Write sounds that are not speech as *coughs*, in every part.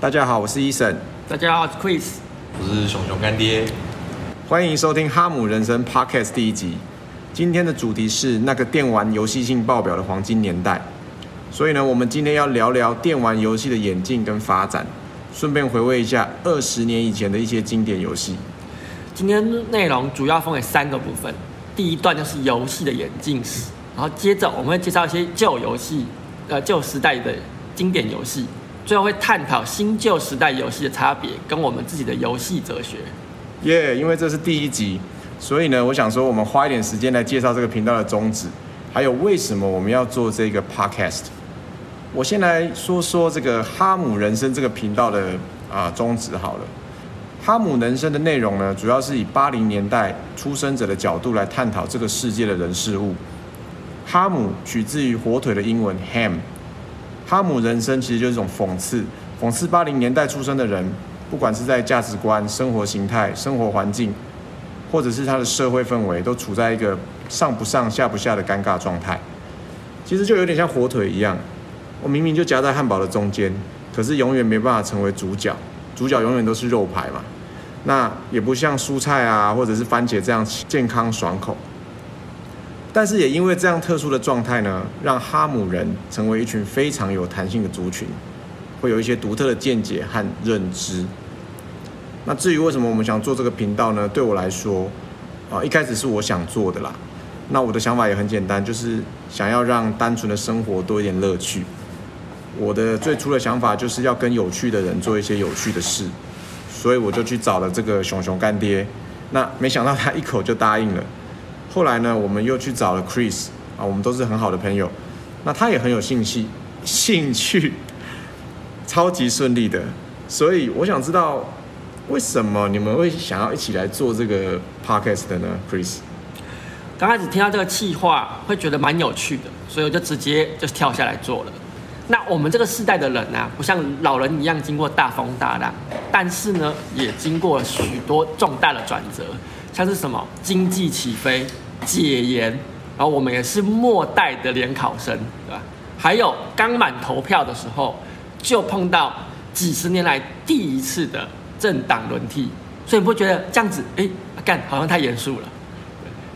大家好，我是 Eason。大家好，我是 Chris。我是熊熊乾爹。歡迎收聽《哈姆人生》Podcast 第一集。今天的主題是那個電玩遊戲性爆表的黃金年代。所以呢，我們今天要聊聊電玩遊戲的演進跟發展，順便回味一下二十年以前的一些經典遊戲。今天內容主要分為三個部分。第一段就是遊戲的演進史，嗯、然後接着我們會介紹一些舊遊戲，呃，舊時代的經典遊戲。最後會探討新舊時代遊戲的差別，跟我們自己的遊戲哲學。耶，Yeah, 因為這是第一集，所以呢，我想說我們花一點時間來介紹這個頻道的宗旨，還有為什麼我們要做這個 podcast。我先來說說這個哈姆人生這個頻道的啊宗旨好了。哈姆人生的內容呢，主要是以八零年代出生者的角度來探討這個世界的人事物。哈姆取自於火腿的英文 ham。哈姆人生其實就是一種諷刺，諷刺八零年代出生的人，不管是在價值觀、生活形態、生活環境，或者是他的社會氛圍，都處在一個上不上下不下的尷尬狀態。其實就有點像火腿一樣，我明明就夾在漢堡的中間，可是永遠沒辦法成為主角，主角永遠都是肉排嘛，那也不像蔬菜啊，或者是番茄這樣健康爽口。但是也因為這樣特殊的狀態呢，讓哈姆人成為一群非常有彈性的族群，會有一些獨特的見解和認知。那至於為什麼我們想做這個頻道呢？對我來說，啊，一開始是我想做的啦。那我的想法也很簡單，就是想要讓單純的生活多一點樂趣。我的最初的想法就是要跟有趣的人做一些有趣的事，所以我就去找了這個熊熊乾爹。那沒想到他一口就答應了。後來呢，我們又去找了 Chris 啊，我們都是很好的朋友，那他也很有興趣，興趣超級順利的，所以我想知道為什麼你們會想要一起來做這個 podcast 呢？Chris，剛開始聽到這個企劃，會覺得蠻有趣的，所以我就直接就跳下來做了。那我們這個世代的人呢、啊，不像老人一樣經過大風大浪，但是呢，也經過了許多重大的轉折，像是什麼經濟起飛。解嚴，然後我們也是末代的聯考生，對吧？還有剛滿投票的時候，就碰到幾十年來第一次的政黨輪替，所以你不會覺得這樣子，哎，幹好像太嚴肅了？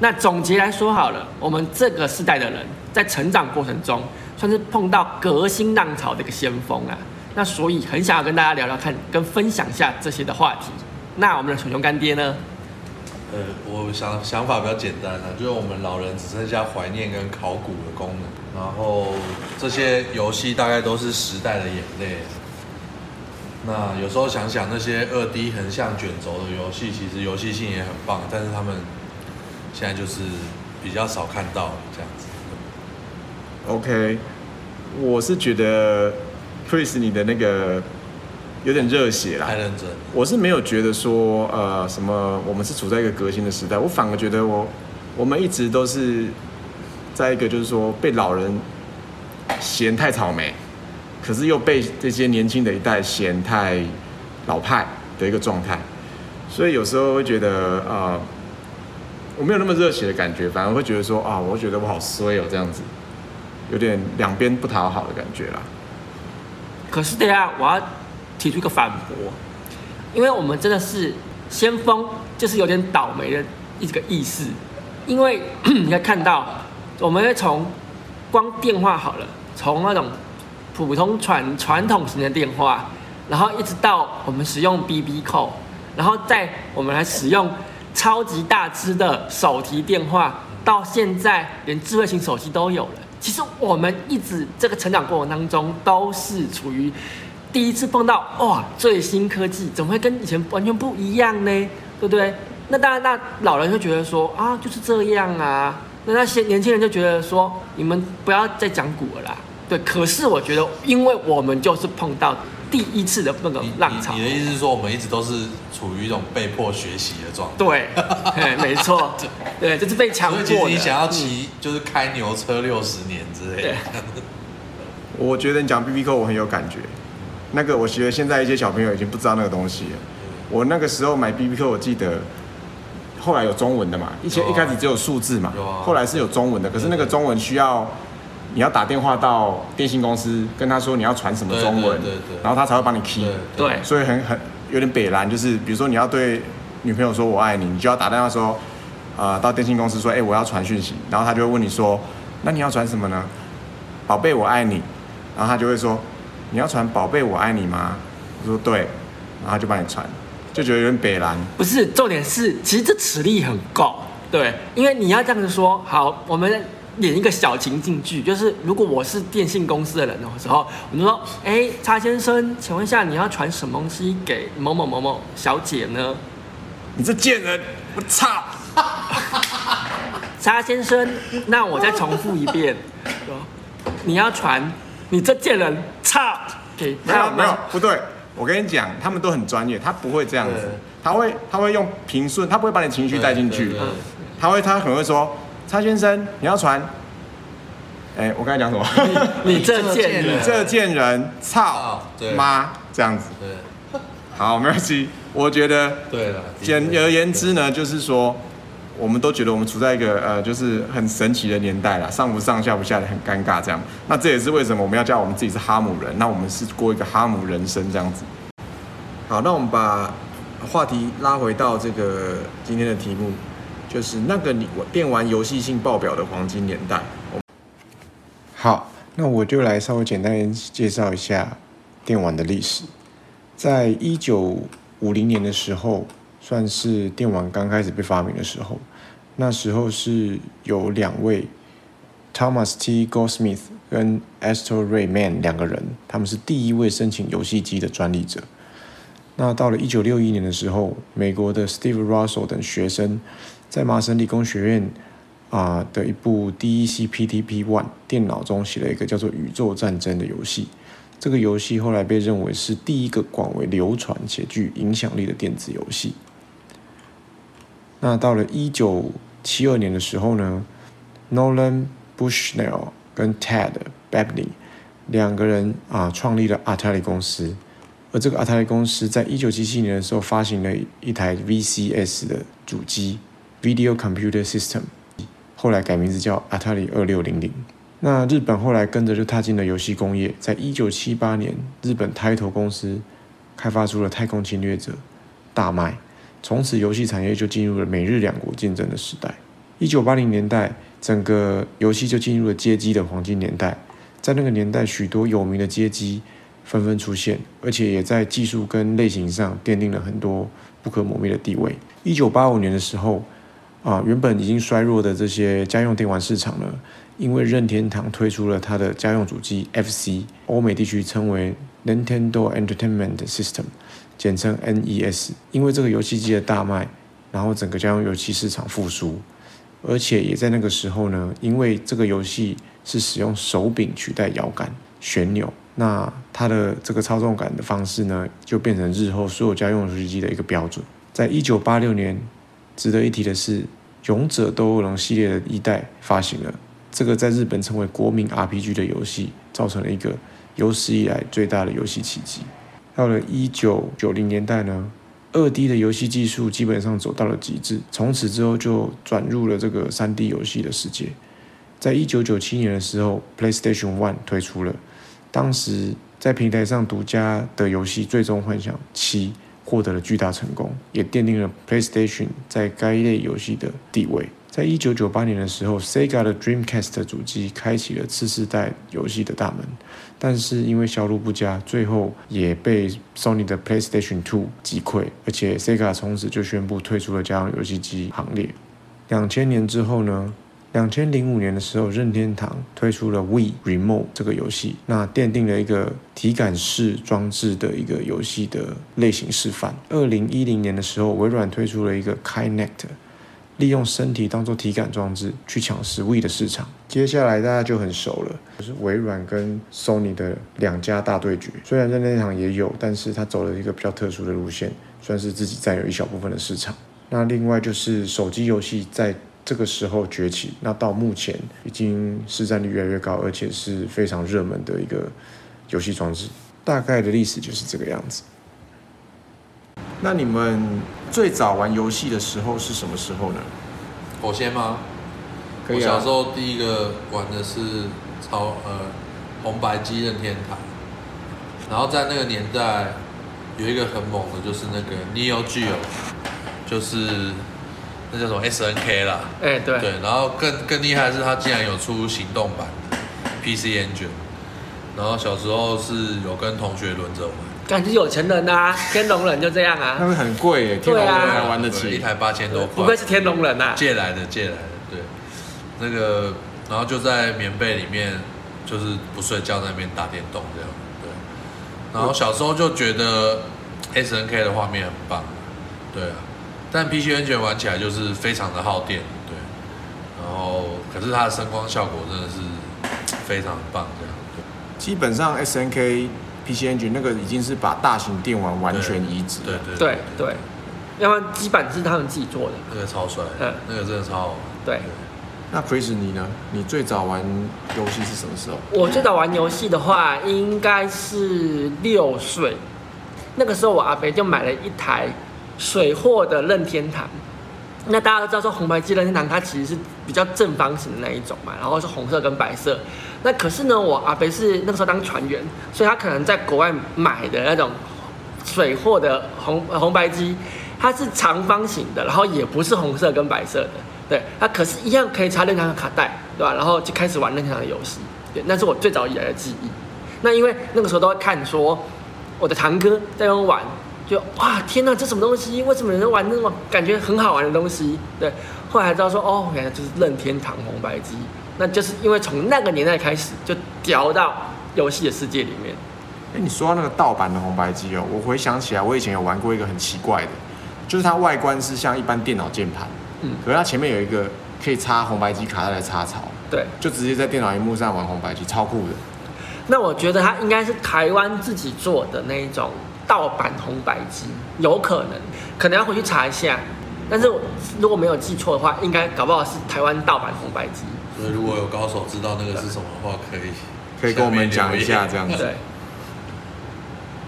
那總結來說好了，我們這個世代的人在成長過程中算是碰到革新浪潮的一個先鋒啊。那所以很想要跟大家聊聊看，跟分享一下這些的話題。那我們的熊熊乾爹呢？呃，我想想法比較簡單啦，就是我們老人只剩下懷念跟考古的功能，然後這些遊戲大概都是時代的眼淚啊。那有時候想想那些 2D 橫向卷軸的遊戲，其實遊戲性也很棒，但是他們現在就是比較少看到這樣子。OK，我是覺得 Chris 你的那個。有點熱血啦，太認真。我是沒有覺得說，呃，什麼，我們是處在一個革新的時代。我反而覺得，我我們一直都是，在一個就是說被老人嫌太草莓，可是又被這些年輕的一代嫌太老派的一個狀態。所以有時候會覺得，呃，我沒有那麼熱血的感覺，反而會覺得說，啊，我覺得我好衰哦，這樣子，有點兩邊不討好的感覺啦。可是對呀，我要。提出一個反駁，因為我們真的是先鋒，就是有點倒霉的一個意思。因為你可以看到，我們從光電話好了，從那種普通傳傳統型的電話，然後一直到我們使用 BB call，然後再我們來使用超級大隻的手提電話，到現在連智慧型手機都有了。其實我們一直這個成長過程當中，都是處於。第一次碰到哇，最新科技怎麼會跟以前完全不一樣呢？對不對？那當然，那老人就覺得說啊，就是這樣啊。那那些年輕人就覺得說，你們不要再講古了啦。對，可是我覺得，因為我們就是碰到第一次的那個浪潮。你,你,你的意思是說，我們一直都是處於一種被迫學習的狀態？對，沒錯，對，就是被強迫。其實你想要騎，嗯、就是開牛車六十年之類的對。 *laughs* 我覺得你講 BBQ 我很有感覺。那個我覺得現在一些小朋友已經不知道那個東西，我那個時候買 B B q 我記得，後來有中文的嘛，以前一開始只有數字嘛，後來是有中文的，可是那個中文需要你要打電話到電信公司跟他說你要傳什麼中文，然後他才會幫你 key，對,對，所以很很有點北爛，就是比如說你要對女朋友說我愛你，你就要打電話說，啊，到電信公司說，哎，我要傳訊息，然後他就會問你說，那你要傳什麼呢？寶貝，我愛你，然後他就會說。你要傳寶貝我愛你嗎？我說對，然後就幫你傳，就覺得有點北蘭。不是，重點是其實這磁力很夠。對，因為你要這樣子說，好，我們演一個小情境劇，就是如果我是電信公司的人的時候，我就說，哎、欸，查先生，請問一下，你要傳什麼東西給某某某某小姐呢？你這賤人，我操！查先生，那我再重複一遍，你要傳。你這賤人草草，操！沒有沒有，不對，我跟你講，他們都很專業，他不會這樣子，對他會他會用平順，他不會把你情緒帶進去，他會他可能會說，蔡先生，你要傳、欸？我剛才講什麼？你這賤，你這賤人，操、啊！媽這樣子。對好，沒關係，我覺得。簡而言之呢，對就是說。我們都覺得我們處在一個呃，就是很神奇的年代啦，上不上下不下的很尷尬這樣。那這也是為什麼我們要叫我們自己是哈姆人，那我們是過一個哈姆人生這樣子。好，那我們把話題拉回到這個今天的題目，就是那個你我電玩遊戲性爆表的黃金年代。好，那我就來稍微簡單介紹一下電玩的歷史。在一九五零年的時候，算是電玩剛開始被發明的時候，那時候是有兩位，Thomas T. Goldsmith 跟 Astor Ray Mann 兩個人，他們是第一位申請遊戲機的專利者。那到了一九六一年的時候，美國的 Steve Russell 等學生在麻省理工學院啊的一部 DEC PDP-1 電腦中寫了一個叫做《宇宙戰爭》的遊戲。這個遊戲後來被認為是第一個廣為流傳且具影響力的電子遊戲。那到了一九七二年的時候呢，Nolan Bushnell 跟 Ted b a b b i n t 兩個人啊創立了 a t a l i 公司，而這個 a t a l i 公司在一九七七年的時候發行了一台 VCS 的主機，Video Computer System，後來改名字叫 a t a l i 二六零零。那日本後來跟着就踏進了遊戲工業，在一九七八年，日本 l 頭公司開發出了《太空侵略者》大麥，大賣。從此，遊戲產業就進入了美日兩國競爭的時代。一九八零年代，整個遊戲就進入了街機的黃金年代。在那個年代，許多有名的街機紛紛出現，而且也在技術跟類型上奠定了很多不可磨滅的地位。一九八五年的時候，啊、呃，原本已經衰弱的這些家用電玩市場呢，因為任天堂推出了它的家用主機 FC，歐美地區稱為 Nintendo Entertainment System。簡稱 NES，因為這個遊戲機的大賣，然後整個家用遊戲市場復甦，而且也在那個時候呢，因為這個遊戲是使用手柄取代搖桿旋鈕，那它的這個操縱感的方式呢，就變成日後所有家用遊戲機的一個標準。在一九八六年，值得一提的是，《勇者鬥惡龍》系列的一代發行了，這個在日本稱為國民 RPG 的遊戲，造成了一個有史以來最大的遊戲奇蹟。到了一九九零年代呢，二 D 的遊戲技術基本上走到了極致，從此之後就轉入了這個三 D 遊戲的世界。在一九九七年的時候，PlayStation One 推出了，當時在平台上獨家的遊戲《最終幻想七》獲得了巨大成功，也奠定了 PlayStation 在該類遊戲的地位。在一九九八年的時候，Sega 的 Dreamcast 的主機開啟了次世代遊戲的大門。但是因為銷路不佳，最後也被 Sony 的 PlayStation 2擊潰，而且 Sega 從此就宣布退出了家用遊戲機行列。兩千年之後呢？兩千零五年的時候，任天堂推出了 Wii Remote 這個遊戲，那奠定了一個體感式裝置的一個遊戲的類型示範。二零一零年的時候，微軟推出了一個 Kinect。利用身體當做體感裝置去搶食物的市場，接下來大家就很熟了，就是微軟跟索尼的兩家大對決。雖然任天堂也有，但是他走了一個比較特殊的路線，算是自己佔有一小部分的市場。那另外就是手機遊戲在這個時候崛起，那到目前已經市占率越來越高，而且是非常熱門的一個遊戲裝置。大概的歷史就是這個樣子。那你們？最早玩遊戲的時候是什麼時候呢？我先嗎？可以啊，我小時候第一個玩的是超呃紅白機任天堂，然後在那個年代有一個很猛的，就是那個 Neo Geo，就是那叫什麼 SNK 啦。哎，欸，對。對，然後更更厲害的是，他竟然有出行動版的 PC Engine，然後小時候是有跟同學輪着玩。感覺有錢人吶、啊，天龍人就這樣啊。他們很貴耶，天龍人還玩得起，一台八千多塊。不愧是天龍人啊，借來的，借來的，對。那個，然後就在棉被裡面，就是不睡覺在那邊打電動這樣，對，然後小時候就覺得 SNK 的畫面很棒，對啊。但 PC Engine 玩起來就是非常的耗電，對，然後，可是它的聲光效果真的是非常棒，這樣。對基本上 SNK。PC Engine 那個已經是把大型電玩完全移植對，對對對，要不基本上是他們自己做的，那個超帥，嗯，那個真的超好。對，對那 Chris 你呢？你最早玩遊戲是什麼時候？我最早玩遊戲的話，應該是六歲，那個時候我阿肥就買了一台水貨的任天堂。那大家都知道說紅白機任天堂，它其實是比較正方形的那一種嘛，然後是紅色跟白色。那可是呢，我阿伯是那個時候當船員，所以他可能在國外買的那種水貨的紅紅白機，它是長方形的，然後也不是紅色跟白色的，對，他可是一樣可以插任天堂的卡帶，對吧？然後就開始玩任天堂的遊戲，對，那是我最早以來的記憶。那因為那個時候都會看說，我的堂哥在那邊玩，就哇，天吶，這什麼東西？為什麼人玩那麼感覺很好玩的東西？對，後來才知道說，哦，原來就是任天堂紅白機。那就是因為從那個年代開始就掉到遊戲的世界裡面。哎、欸，你說到那個盜版的紅白機哦，我回想起來，我以前有玩過一個很奇怪的，就是它外觀是像一般電腦鍵盤，嗯，可是它前面有一個可以插紅白機卡帶的插槽，對，就直接在電腦熒幕上玩紅白機，超酷的。那我覺得它應該是台灣自己做的那一種盜版紅白機，有可能，可能要回去查一下。但是如果沒有記錯的話，應該搞不好是台灣盜版紅白機。所以如果有高手知道那個是什麼的話，可以可以跟我們講一下這樣子。對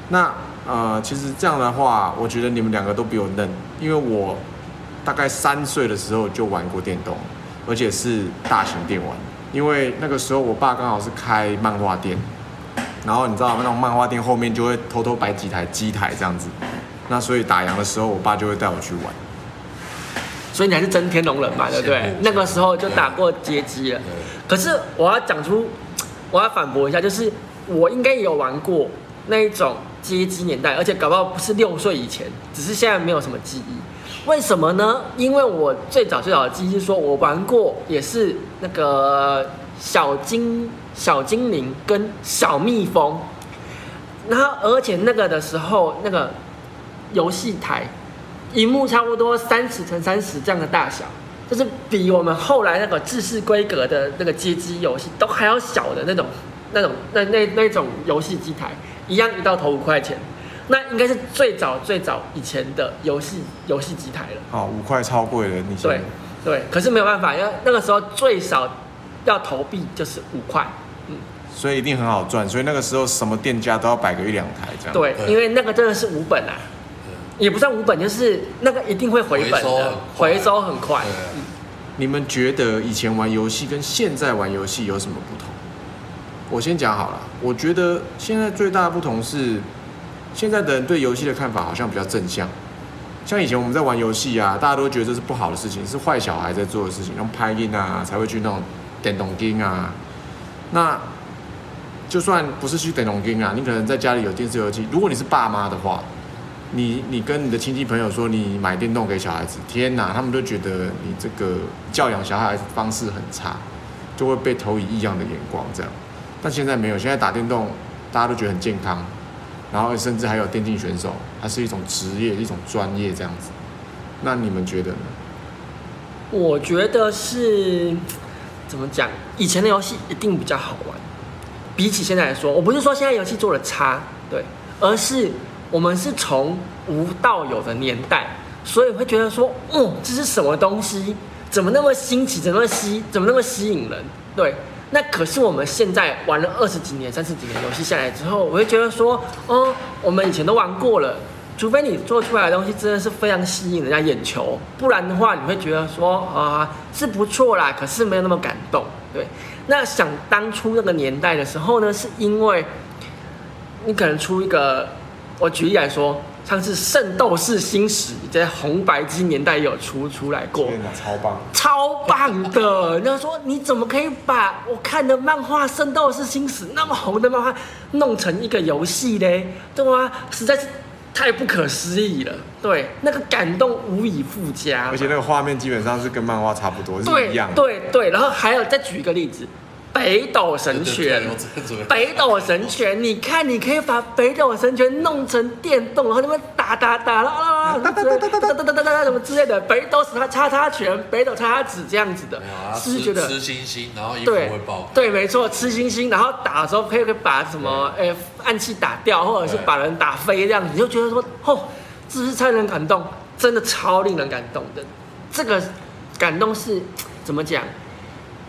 那呃，其實這樣的話，我覺得你們兩個都比我嫩，因為我大概三歲的時候就玩過電動，而且是大型電玩。因為那個時候我爸剛好是開漫畫店，然後你知道那種漫畫店後面就會偷偷擺幾台機台這樣子，那所以打烊的時候，我爸就會帶我去玩。所以你還是真天龍人嘛，對不對？嗯、那個時候就打過街機了。嗯、可是我要講出，我要反駁一下，就是我應該也有玩過那一種街機年代，而且搞不好不是六歲以前，只是現在沒有什麼記憶。為什麼呢？因為我最早最早的記憶是說我玩過，也是那個小精小精靈跟小蜜蜂，然後而且那個的時候那個遊戲台。螢幕差不多三十乘三十這樣的大小，就是比我們後來那個制式規格的那個街機遊戲都還要小的那種、那種、那那那，那種遊戲機台，一樣一到頭五塊錢，那應該是最早最早以前的遊戲遊戲機台了。哦，五塊超貴的，你說，對對，可是沒有辦法，因為那個時候最少要投幣就是五塊，嗯，所以一定很好賺，所以那個時候什麼店家都要擺個一兩台這樣。對，對，因為那個真的是無本啊。也不算無本，就是那個一定會回本的，回收很快，很快，嗯。你們覺得以前玩遊戲跟現在玩遊戲有什麼不同？我先講好了，我覺得現在最大的不同是，現在的人對遊戲的看法好像比較正向。像以前我們在玩遊戲啊，大家都覺得這是不好的事情，是壞小孩在做的事情，用拍音啊才會去那種電動間啊。那就算不是去電動間啊，你可能在家裡有電視遊戲，如果你是爸媽的話。你你跟你的親戚朋友說你買電動給小孩子，天哪，他們都覺得你這個教養小孩子方式很差，就會被投以異樣的眼光這樣。但現在沒有，現在打電動大家都覺得很健康，然後甚至還有電競選手，他是一種職業，一種專業這樣子。那你們覺得呢？我覺得是怎麼講？以前的遊戲一定比較好玩，比起現在來說，我不是說現在遊戲做的差，對，而是。我們是從無到有的年代，所以會覺得說，嗯，這是什麼東西？怎麼那麼新奇？怎麼吸？怎麼那麼吸引人？對。那可是我們現在玩了二十幾年、三十幾年遊戲下來之後，我會覺得說，哦，我們以前都玩過了。除非你做出來的東西真的是非常吸引人家眼球，不然的話，你會覺得說，啊，是不錯啦，可是沒有那麼感動。對。那想當初那個年代的時候呢，是因為你可能出一個。我舉例來說，上次《聖鬥士星矢》在紅白機年代也有出出來過，超棒，超棒的！人家 *laughs* 說你怎麼可以把我看的漫畫《聖鬥士星矢》那麼紅的漫畫弄成一個遊戲嘞？對嗎、啊？實在是太不可思議了。對，那個感動無以復加。而且那個畫面基本上是跟漫畫差不多，是一樣的對對，對，然後還有再舉一個例子。北斗神拳，對對對北斗神拳，神拳你看，你可以把北斗神拳弄成電動，嗯、然後那邊打打打啦啦啦，噠噠噠噠什麼之類的，北斗是他叉叉拳，北斗叉叉指這樣子的，是不、啊、是覺得吃，吃星星，然後衣服會爆對，對，沒錯，吃星星，然後打的時候可以可以把什麼誒對暗器打掉，或者是把人打飛這樣，對這樣子，你就覺得說，吼、哦，是不是超人感動？真的超令人感動的，這個感動是怎麼講？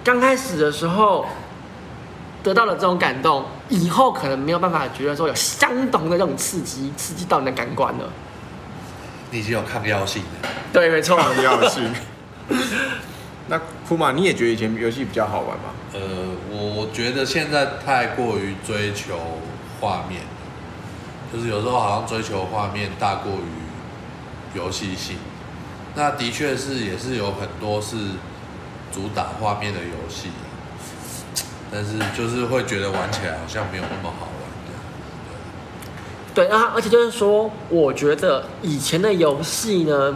剛開始的時候得到了這種感動，以後可能沒有辦法覺得說有相同的這種刺激，刺激到你的感官了。你已經有抗藥性了。對，沒錯，抗藥性。 *laughs* 那庫馬，你也覺得以前遊戲比較好玩嗎？呃，我覺得現在太過於追求畫面，就是有時候好像追求畫面大過於遊戲性。那的確是，也是有很多是主打畫面的遊戲，但是就是會覺得玩起來好像沒有那麼好玩這樣，對啊，而且就是說，我覺得以前的遊戲呢，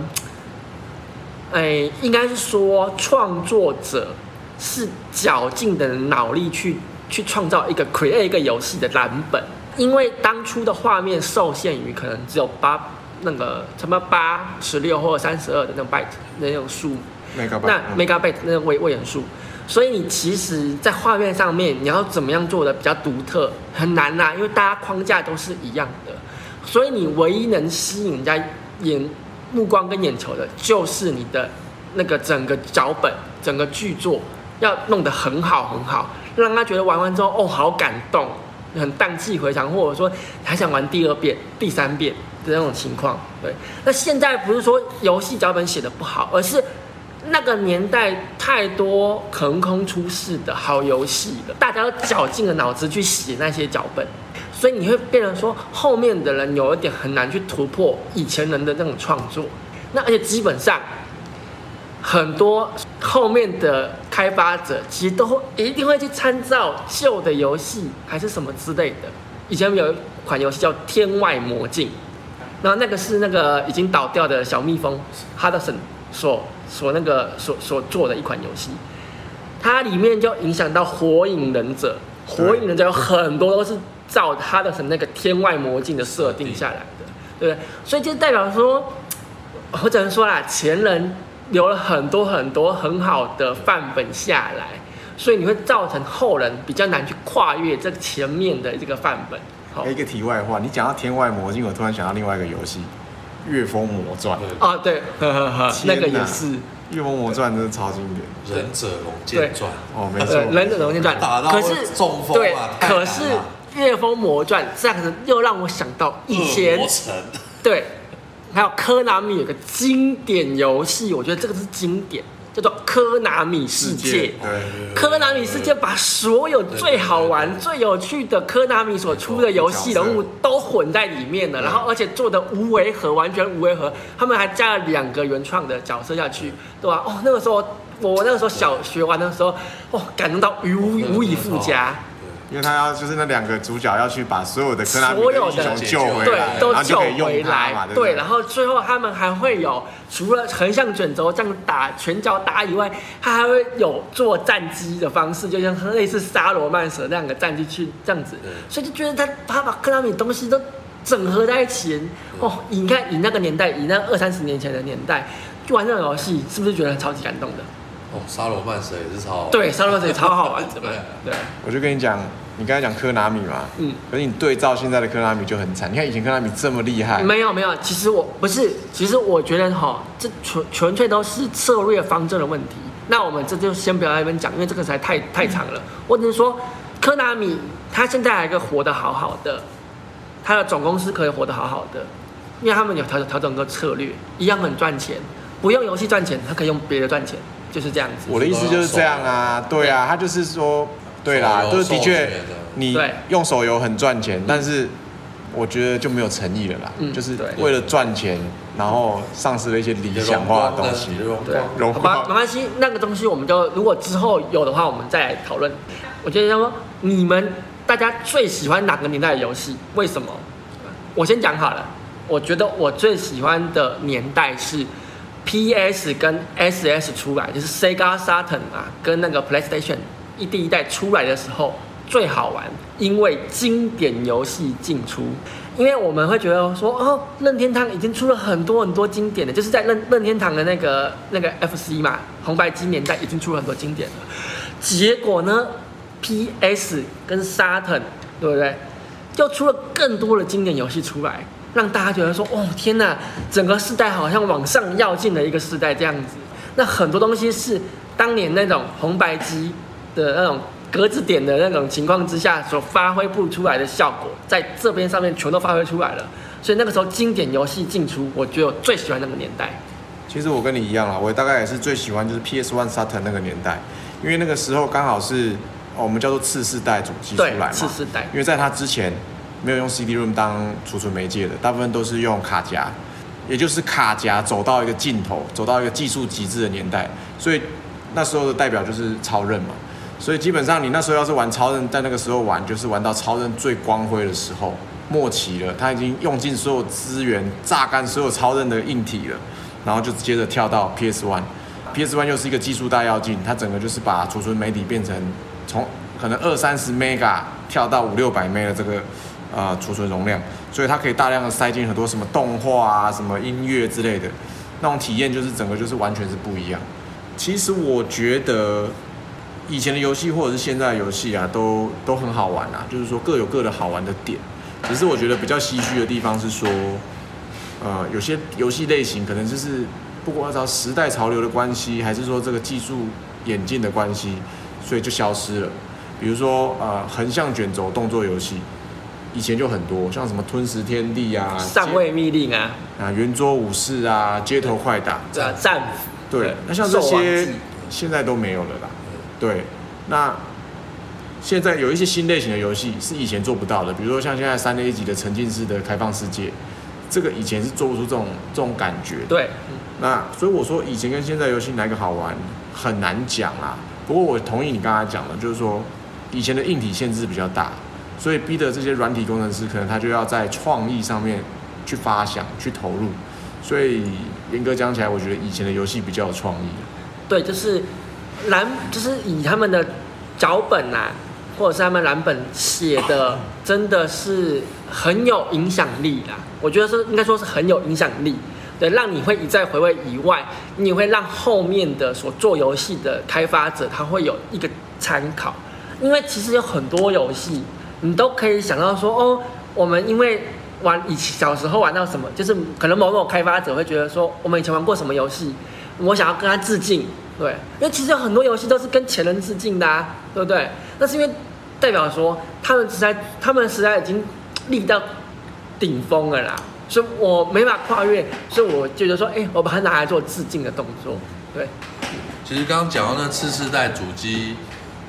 哎、欸，應該是說，創作者是絞盡的腦力去去創造一個 create 一個遊戲的藍本，因為當初的畫面受限於可能只有八那個什麼八十六或三十二的那種 byte 那種數。Meg 那 Megabyte、嗯、那個位位元數，所以你其實，在畫面上面你要怎麼樣做的比較獨特，很難啊，因為大家框架都是一樣的，所以你唯一能吸引人家眼目光跟眼球的，就是你的那個整個腳本、整個劇作要弄得很好很好，讓他覺得玩完之後哦，好感動，很蕩氣回腸，或者說還想玩第二遍、第三遍的那種情況。對，那現在不是說遊戲腳本寫的不好，而是。那個年代太多橫空出世的好遊戲了，大家都絞盡了腦子去寫那些腳本，所以你會變成說，後面的人有一點很難去突破以前人的那種創作。那而且基本上，很多後面的開發者其實都會一定會去參照舊的遊戲，還是什麼之類的。以前有一款遊戲叫《天外魔境》，然後那個是那個已經倒掉的小蜜蜂哈德森說。所那個所所做的一款遊戲，它裡面就影響到火影忍者《火影忍者》，《火影忍者》有很多都是照他的那個天外魔境的設定下來的，對不對？所以就代表說，我只能說啦，前人留了很多很多很好的範本下來，所以你會造成後人比較難去跨越這個前面的這個範本。好，一個題外話，你講到天外魔境，我突然想到另外一個遊戲。《月風魔傳》啊、哦，對，呵呵呵哪那個也是《月風魔傳》，真的超經典，《忍者龍劍傳》哦，沒錯，《忍者龍劍傳》。可是中風嘛、啊，可是《月風魔傳》這樣子又讓我想到以前，對，還有科拿米有個經典遊戲，我覺得這個是經典。叫做科拿米世界，世界科拿米世界把所有最好玩、最有趣的科拿米所出的遊戲人物都混在裡面了，然後而且做的無違和，對完全無違和。他們還加了兩個原創的角色下去，對吧、啊？哦，那個時候我那個時候小學玩的對時候，哦，感動到無無以復加。因為他要就是那兩個主角要去把所有的科拿米有的，救回來對，都救回來。對，對，對，然後最後他們還會有除了橫向卷軸這樣打拳腳打以外，他還會有做戰機的方式，就像類似沙羅曼蛇那樣的戰機去這樣子。所以就覺得他他把科拿米的東西都整合在一起。哦，你看以那個年代，以那二三十年前的年代就玩那種遊戲，是不是覺得很超級感動的？哦，沙羅曼蛇也是超好的對，沙羅曼蛇超好玩，真的。 *laughs* 對，對我就跟你講，你剛才講科拿米嘛，嗯，可是你對照現在的科拿米就很慘。你看以前科拿米這麼厲害，沒有沒有，其實我不是，其實我覺得哈、哦，這純純粹都是策略方針的問題。那我們這就先不要在那邊講，因為這個才太太長了。嗯、我只是說，科拿米他現在還一個活得好好的，他的總公司可以活得好好的，因為他們有調調整個策略，一樣很賺錢，不用遊戲賺錢，他可以用別的賺錢。就是這樣子，我的意思就是這樣啊，對啊，對他就是說，對啦，手遊就是的確，你用手遊很賺錢，對對但是我覺得就沒有誠意了啦，嗯、就是為了賺錢，對然後喪失了一些理想化的東西。對，好吧，沒關係，那個東西我們就，如果之後有的話，我們再來討論。我覺得說，你們大家最喜歡哪個年代的遊戲？為什麼？我先講好了，我覺得我最喜歡的年代是。PS 跟 SS 出來就是 Sega Saturn 啊，跟那個 PlayStation 一第一代出來的時候最好玩，因為經典遊戲進出，因為我們會覺得說哦，任天堂已經出了很多很多經典的就是在任任天堂的那個那個 FC 嘛，紅白機年代已經出了很多經典了，結果呢 PS 跟 Saturn 對不對，就出了更多的經典遊戲出來。讓大家覺得說：“哦，天哪，整個世代好像往上要進的一個世代這樣子。”那很多東西是當年那種紅白機的那種格子點的那種情況之下所發揮不出來的效果，在這邊上面全都發揮出來了。所以那個時候經典遊戲進出，我覺得我最喜歡那個年代。其實我跟你一樣啊，我大概也是最喜歡就是 PS One、Saturn 那個年代，因為那個時候剛好是哦，我們叫做次世代主機出來嘛，對，次世代。因為在它之前。沒有用 CD-ROM 當儲存媒介的，大部分都是用卡夾，也就是卡夾走到一個盡頭，走到一個技術極致的年代。所以那時候的代表就是超任嘛。所以基本上你那時候要是玩超任，在那個時候玩就是玩到超任最光輝的時候末期了。他已經用盡所有資源，榨乾所有超任的硬體了，然後就接着跳到 PS One。PS One 又是一個技術大躍進，它整個就是把儲存媒體變成從可能二三十 mega 跳到五六百 mega 的這個。啊，儲存容量，所以它可以大量的塞進很多什麼動畫啊、什麼音樂之類的，那種體驗就是整個就是完全是不一樣。其實我覺得以前的遊戲或者是現在遊戲啊，都都很好玩啊，就是說各有各的好玩的點。只是我覺得比較唏噓的地方是說，呃，有些遊戲類型可能就是不管按照時代潮流的關係，還是說這個技術演進的關係，所以就消失了。比如說呃，橫向卷軸動作遊戲。以前就很多，像什麼吞食天地啊、上尉密令啊、啊圓桌武士啊、街頭快打對樣、啊、戰斧，對。嗯、那像這些現在都沒有了啦。對。那現在有一些新類型的遊戲是以前做不到的，比如說像現在三 A 級的沉浸式的開放世界，這個以前是做不出這種這種感覺的。對、嗯。那所以我說，以前跟現在遊戲哪個好玩，很難講啊。不過我同意你剛才講的，就是說以前的硬體限制比較大。所以逼得這些軟體工程師，可能他就要在創意上面去發想、去投入。所以嚴格講起來，我覺得以前的遊戲比較有創意。對，就是藍，就是以他們的腳本啊，或者是他們藍本寫的，真的是很有影響力啦。我覺得是應該說是很有影響力，對，讓你會一再回味以外，你會讓後面的所做遊戲的開發者他會有一個參考。因為其實有很多遊戲。你都可以想到說，哦，我們因為玩以前小時候玩到什麼，就是可能某某開發者會覺得說，我們以前玩過什麼遊戲，我想要跟他致敬，對，因為其實有很多遊戲都是跟前人致敬的啊，對不對？那是因為代表說他們實在他們實在已經立到頂峰了啦，所以我沒法跨越，所以我就覺得說，哎，我把它拿來做致敬的動作，對。其實剛剛講到那次世代主機。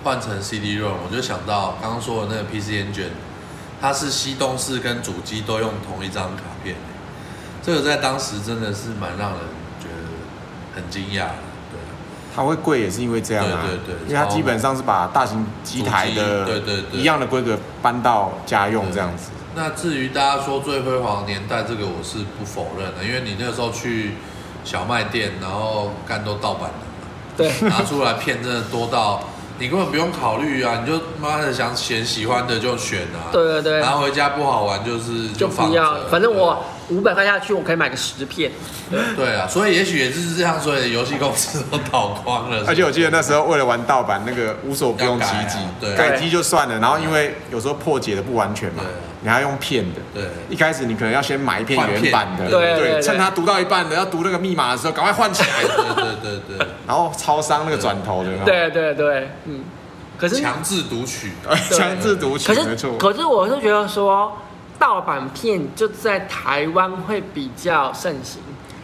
換成 CD-ROM，我就想到剛剛說的那個 PC Engine，它是西東市跟主機都用同一張卡片，這個在當時真的是蠻讓人覺得很驚訝。對，它會貴也是因為這樣啊，對對，對，因為它基本上是把大型機台的機對對，對，對，一樣的規格搬到家用這樣子。那至於大家說最輝煌年代，這個我是不否認的，因為你那個時候去小賣店，然後干都盜版的嘛，對，拿出來片真的多到。你根本不用考慮啊，你就媽的想選喜歡的就選啊。對對對，然後回家不好玩就是就，就放。不要，反正我五百對塊下去，我可以買個十片。對，對啊，所以也許也是這樣，所以遊戲公司都倒光了。而且我記得那時候為了玩盜版，那個無所不用其極，幾幾對改機就算了，然後因為有時候破解的不完全嘛。你要用片的，對，一開始你可能要先買一片原版的，對,對,對,對,對，趁他讀到一半的要讀那個密碼的時候，趕快換起來的， *laughs* 對對對對，然後超商那個轉頭的，對,對對對，嗯，可是強制讀取，對對對強制讀取，可是可是我是覺得說，盜版片就在台灣會比較盛行。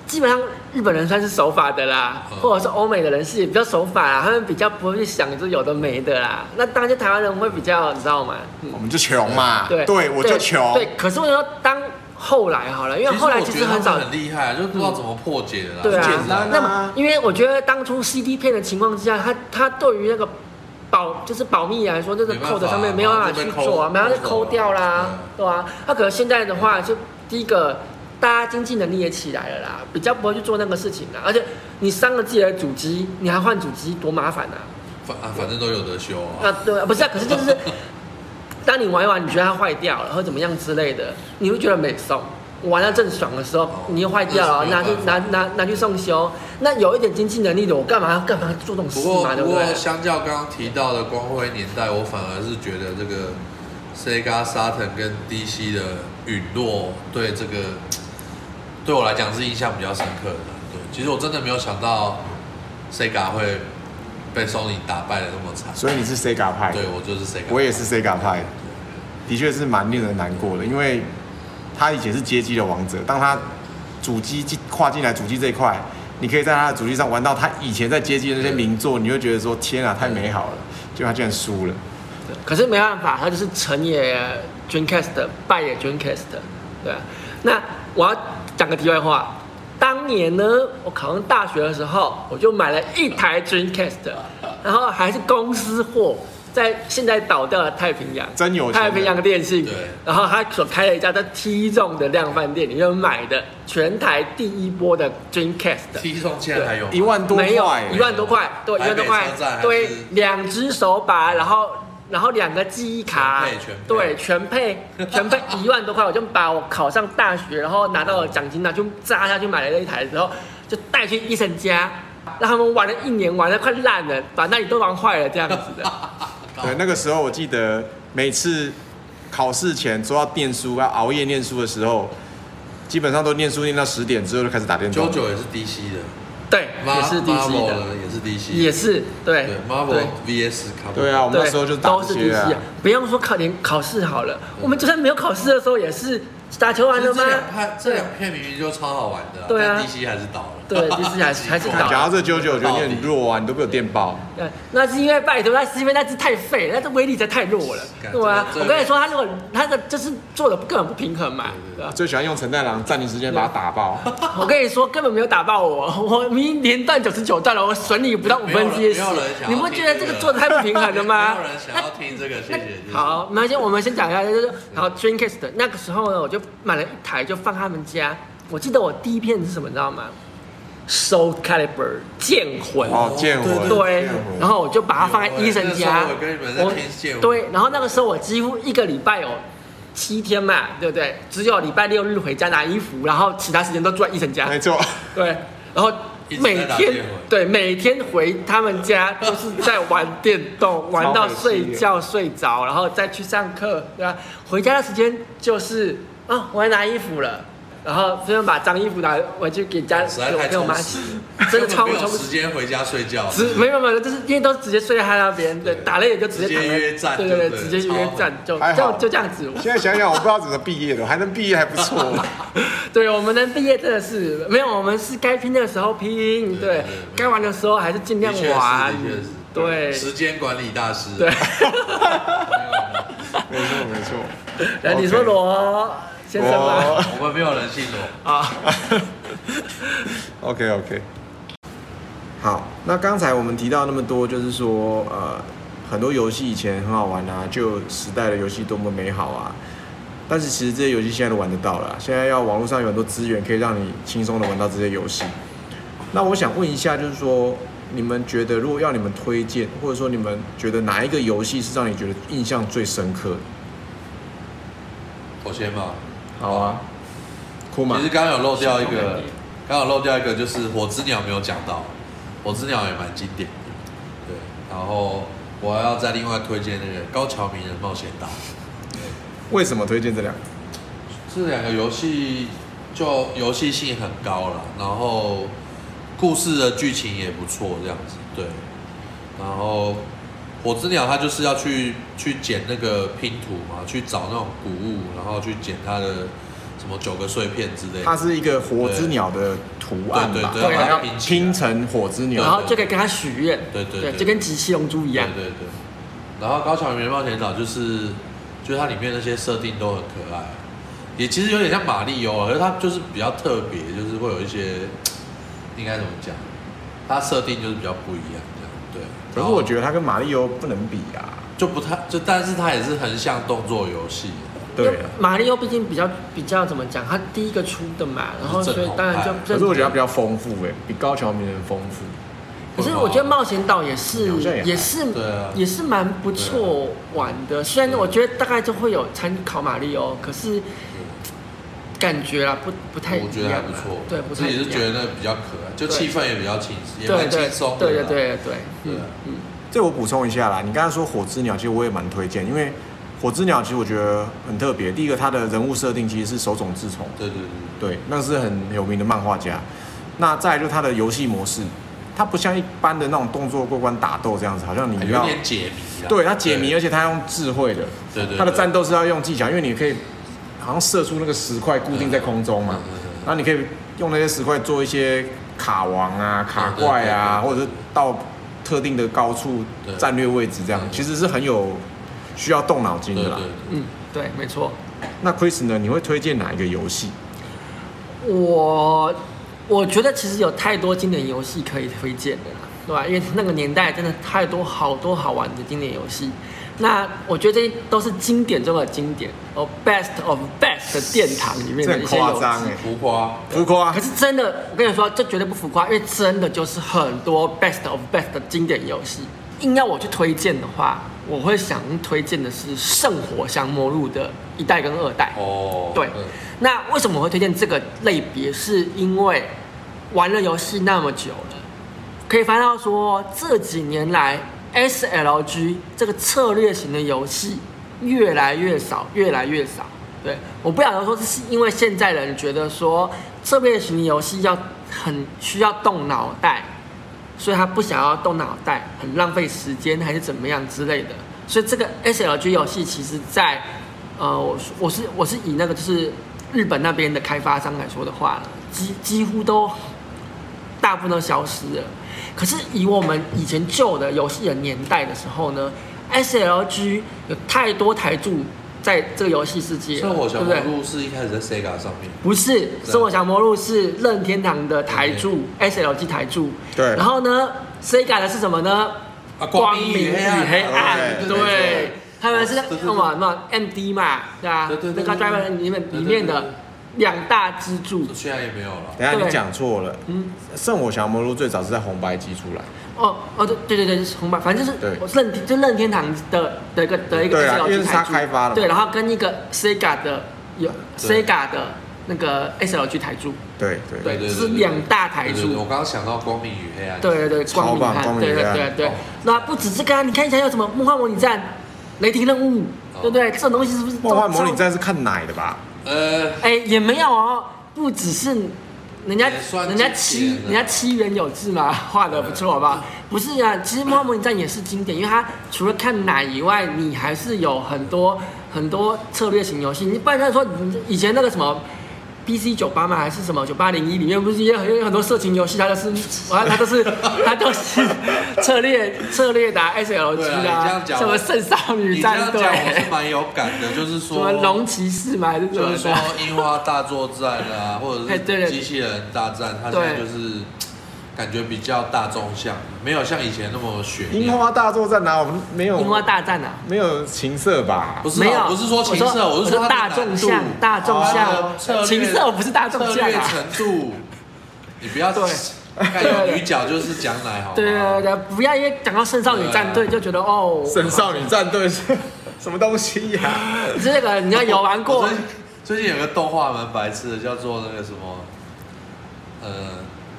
基本上日本人算是守法的啦，或者是歐美的人士也比較守法啦，他們比較不會去想這有的沒的啦。那當然就台灣人會比較，你知道嗎？嗯、我們就窮嘛，對，對對我就窮。對，可是我說當後來好了，因為後來其實很少實很厲害、啊，就不知道怎麼破解的啦、嗯。對啊，那麼因為我覺得當初 CD 片的情況之下，他他對於那個保就是保密來說，就是扣的上面沒有辦法去做、啊，call, 沒有辦法摳掉啦，對啊。那對、啊、可能現在的話，就第一個。大家經濟能力也起來了啦，比較不會去做那個事情啦。而且你傷了自己的主機，你還換主機多麻煩啊！反啊，反正都有得修啊,啊。對啊，不是啊，可是就是 *laughs* 當你玩一玩，你覺得它壞掉了，或怎麼樣之類的，你會覺得沒送。玩的正爽的時候，好你又壞掉了，爽就拿去拿拿拿去送修。那有一點經濟能力的，我幹嘛要幹嘛做這種事嘛？不過對不對？不過相較剛剛提到的光輝年代，我反而是覺得這個 Sega Saturn 跟 DC 的隕落，對這個。對我來講是印象比較深刻的。對，其實我真的沒有想到，Sega 會被 Sony 打敗的那麼慘。所以你是 Sega 派？對，我就是 Sega 派，我也是 Sega 派的。對的確是蠻令人難過的，對因為，他以前是街機的王者，當他主機進跨進來主機這一塊，你可以在他的主機上玩到他以前在街機的那些名作，對你會覺得說天啊，太美好了。結對果他居然輸了。可是沒辦法，他就是成也 Dreamcast，敗也 Dreamcast。對啊，那我要。講個題外話，當年呢，我考上大學的時候，我就買了一台 Dreamcast，然後還是公司貨，在現在倒掉了太平洋，真有的太平洋的電信。對然後他所開了一家在 T 中的量販店，對裡面買的全台第一波的 Dreamcast 對。T 中現在還有一萬多，沒有一萬多塊，對一萬多塊，對，塊對兩隻手把，然後。然後兩個記憶卡，對，全配，全配一萬多塊， *laughs* 我就把我考上大學，然後拿到獎金呢，就砸下去買了這一台的時候，之後就帶去醫生家，讓他們玩了一年，玩的快爛了，把那裡都玩壞了，這樣子的。 *laughs* 對，那個時候我記得每次考試前做唸書，都到唸書要熬夜唸書的時候，基本上都唸書念到十點之後就開始打電動。九九也是 DC 的。對，Mar, 也是 DC 的，的也是 DC，也是對，對，Marvel ble, 對 VS 卡布，對啊，我們那時候就啊都是 DC 啊，不用說考連考試好了，對我們就算沒有考試的時候也是打球玩的嘛。這兩片這兩片明明就超好玩的啊，對啊，但 DC 還是倒。對，其實還是還是打。講到這九九，我覺得你很弱啊，你都沒有電爆。對，那是因為拜託，那是因為那只太廢，那只威力真的太弱了。對啊，我跟你說，他如果他的就是做的根本不平衡嘛。最喜歡用陳太郎暫停時間把他打爆。我跟你說，根本沒有打爆我，我明連斷九十九段了，我損你不到五分之一。你不覺得這個做的太不平衡了嗎？沒有人想要聽這個，謝謝。好，那先我們先講一下，就是然後 Dreamcast 那個時候呢，我就買了一台，就放他們家。我記得我第一片是什麼，你知道嗎？Soul Calibur 劍魂哦，劍魂、哦、對，然後我就把它放在醫生家。我跟你們在聽劍魂對，然後那個時候我幾乎一個禮拜有七天嘛，對不對？只有禮拜六日回家拿衣服，然後其他時間都住在醫生家。沒錯，對。然後每天對，每天回他們家都是在玩電動， *laughs* 玩到睡覺 *laughs* 睡着，然後再去上課，對吧？回家的時間就是啊、哦，我來拿衣服了。然後就把髒衣服拿回去給家給我媽洗，真的超超不時間回家睡覺，沒有沒有，就是因為都是直接睡在他那邊，對，打累了就直接約戰，對對對，直接約戰就就就這樣子。現在想想，我不知道怎麼畢業的，還能畢業還不錯。對，我們能畢業真的是沒有，我們是該拼的時候拼，對，該玩的時候還是盡量玩，對。時間管理大師，對，沒錯沒錯。來，你說羅。我我們沒有人信我 *laughs* 啊。OK OK。好，那剛才我們提到那麼多，就是說，呃，很多遊戲以前很好玩啊，就時代的遊戲多麼美好啊。但是其實這些遊戲現在都玩得到了啊，現在要網絡上有很多資源可以讓你輕鬆的玩到這些遊戲。那我想問一下，就是說，你們覺得如果要你們推薦，或者說你們覺得哪一個遊戲是讓你覺得印象最深刻？我先吧。好啊，嗎其實剛剛有漏掉一個，剛好漏掉一個，就是《火之鳥》沒有講到，《火之鳥》也蠻經典的。對，然後我還要再另外推薦那個《高橋名人冒險島》對。為什麼推薦這兩個？這兩個遊戲就遊戲性很高了，然後故事的劇情也不錯，這樣子。對，然後。火之鳥，它就是要去去撿那個拼圖嘛，去找那種古物，然後去撿它的什麼九個碎片之類的。它是一個火之鳥的圖案。對對，對對，還要拼，拼成火之鳥，然後就可以跟它許願。對對，對對對，對對對，就跟集七龍珠一樣。對，對對對。然後高橋名人冒險島就是，就是它裡面那些設定都很可愛，也其實有點像瑪麗歐，可是它就是比較特別，就是會有一些應該怎麼講，它設定就是比較不一樣。可是我覺得它跟瑪利歐不能比啊，就不太就，但是它也是很像動作遊戲，啊。對，瑪利歐畢竟比較比較怎麼講，它第一個出的嘛，然後所以當然就。是可是我覺得比較豐富哎，比高橋名人豐富。好可是我覺得冒險島也是也，也是，啊、也是蠻不錯玩的，啊啊、雖然我覺得大概就會有參考瑪利歐，可是。感覺啊，不不太，我覺得還不錯，對，不太一樣，自己是覺得那比較可愛，就氣氛也比較輕鬆，對也輕鬆對吧？對對對，對，對、啊、嗯，嗯，這我補充一下啦，你剛才說《火之鳥》，其實我也蠻推薦，因為《火之鳥》其實我覺得很特別。第一個，它的人物設定其實是手冢治蟲，對對對對，那是很有名的漫畫家。那再來就是它的遊戲模式，它不像一般的那種動作過關打鬥這樣子，好像你要解謎，對它解謎，對而且它用智慧的，對對，對，對對，它的戰鬥是要用技巧，因為你可以。好像射出那個石塊固定在空中嘛，那你可以用那些石塊做一些卡王啊、卡怪啊、對對對對，或者是到特定的高處戰略位置這樣，對對對對，其實是很有需要動腦筋的啦。對對對、嗯，對，沒錯。那 Chris 呢？你會推薦哪一個遊戲？我我覺得其實有太多經典遊戲可以推薦的啦，對吧？因為那個年代真的太多好多好玩的經典遊戲。那我覺得這些都是經典中的經典哦，Best of Best 的殿堂裡面的一些誇張浮、欸、誇，浮誇，對浮誇可是真的。我跟你說，這絕對不浮誇，因為真的就是很多 Best of Best 的經典遊戲。硬要我去推薦的話，我會想推薦的是《聖火降魔錄》的一代跟二代哦。對，嗯、那為什麼我會推薦這個類別？是因為玩了遊戲那麼久了，可以翻到說這幾年來。SLG 這個策略型的遊戲越來越少，越來越少。對，我不曉得說這是因為現在人覺得說策略型遊戲要很需要動腦袋，所以他不想要動腦袋，很浪費時間還是怎麼樣之類的。所以這個 SLG 遊戲其實在，在呃，我我是我是以那個就是日本那邊的開發商來說的話，幾幾乎都大部分都消失了。可是以我們以前舊的遊戲的年代的時候呢，SLG 有太多台柱在這個遊戲世界，對不對？聖火降魔錄是一開始在 Sega 上面，不是聖火降魔錄是任天堂的台柱 SLG 台柱，對。然後呢，Sega 的是什麼呢？光明與黑暗，對，他們是那什麼那 MD 嘛，對啊。對對對，那個 Drive 裡面裡面的。兩大支柱，現在也沒有了。等下你講錯了。嗯，《聖火降魔錄》最早是在紅白機出來。哦哦，對對對對，是紅白，反正就是任就任天堂的的一個的一個 SLG 台柱。對，就是他開發的。對，然後跟一個 Sega 的有 Sega 的那個 SLG 台柱。對對對，是兩大台柱。我剛剛想到《光明與黑暗》。對對對，光明與黑暗。對對對，那不只是剛剛，你看一下有什麼《夢幻模擬戰》《雷霆任務》，對不對？這種東西是不是？《夢幻模擬戰》是看奶的吧？呃，哎、欸，也沒有哦，不只是人人，人家，人家七，人家七緣有志嘛，畫的不錯吧？呃呃、不是啊，其實《夢幻模擬戰》也是經典，因為它除了看奶以外，你還是有很多很多策略型遊戲。你不然說，以前那個什麼。P C 九八嘛，還是什麼九八零一？裡面不是也有很多色情遊戲？它都是，啊，它都是，它都是策略策略的 S L G 啊。什麼聖少女戰隊？你這樣講，我是蠻有感的，對就是說什麼龍騎士嘛，還是就說櫻花大作戰啊，或者是機器人大戰？它就是。感覺比較大眾向，沒有像以前那麼懸。櫻花大戰哪，我們沒有？櫻花大戰啊，沒有情色吧？不是，不是說情色，我是說大眾向。大眾向，情色不是大眾向。程度，你不要對。大概女角就是講奶好。對對對，不要因為講到聖少女戰隊就覺得哦，聖少女戰隊是什麼東西呀？這個你要有玩過。最近有個動畫蠻白痴的，叫做那個什麼，呃。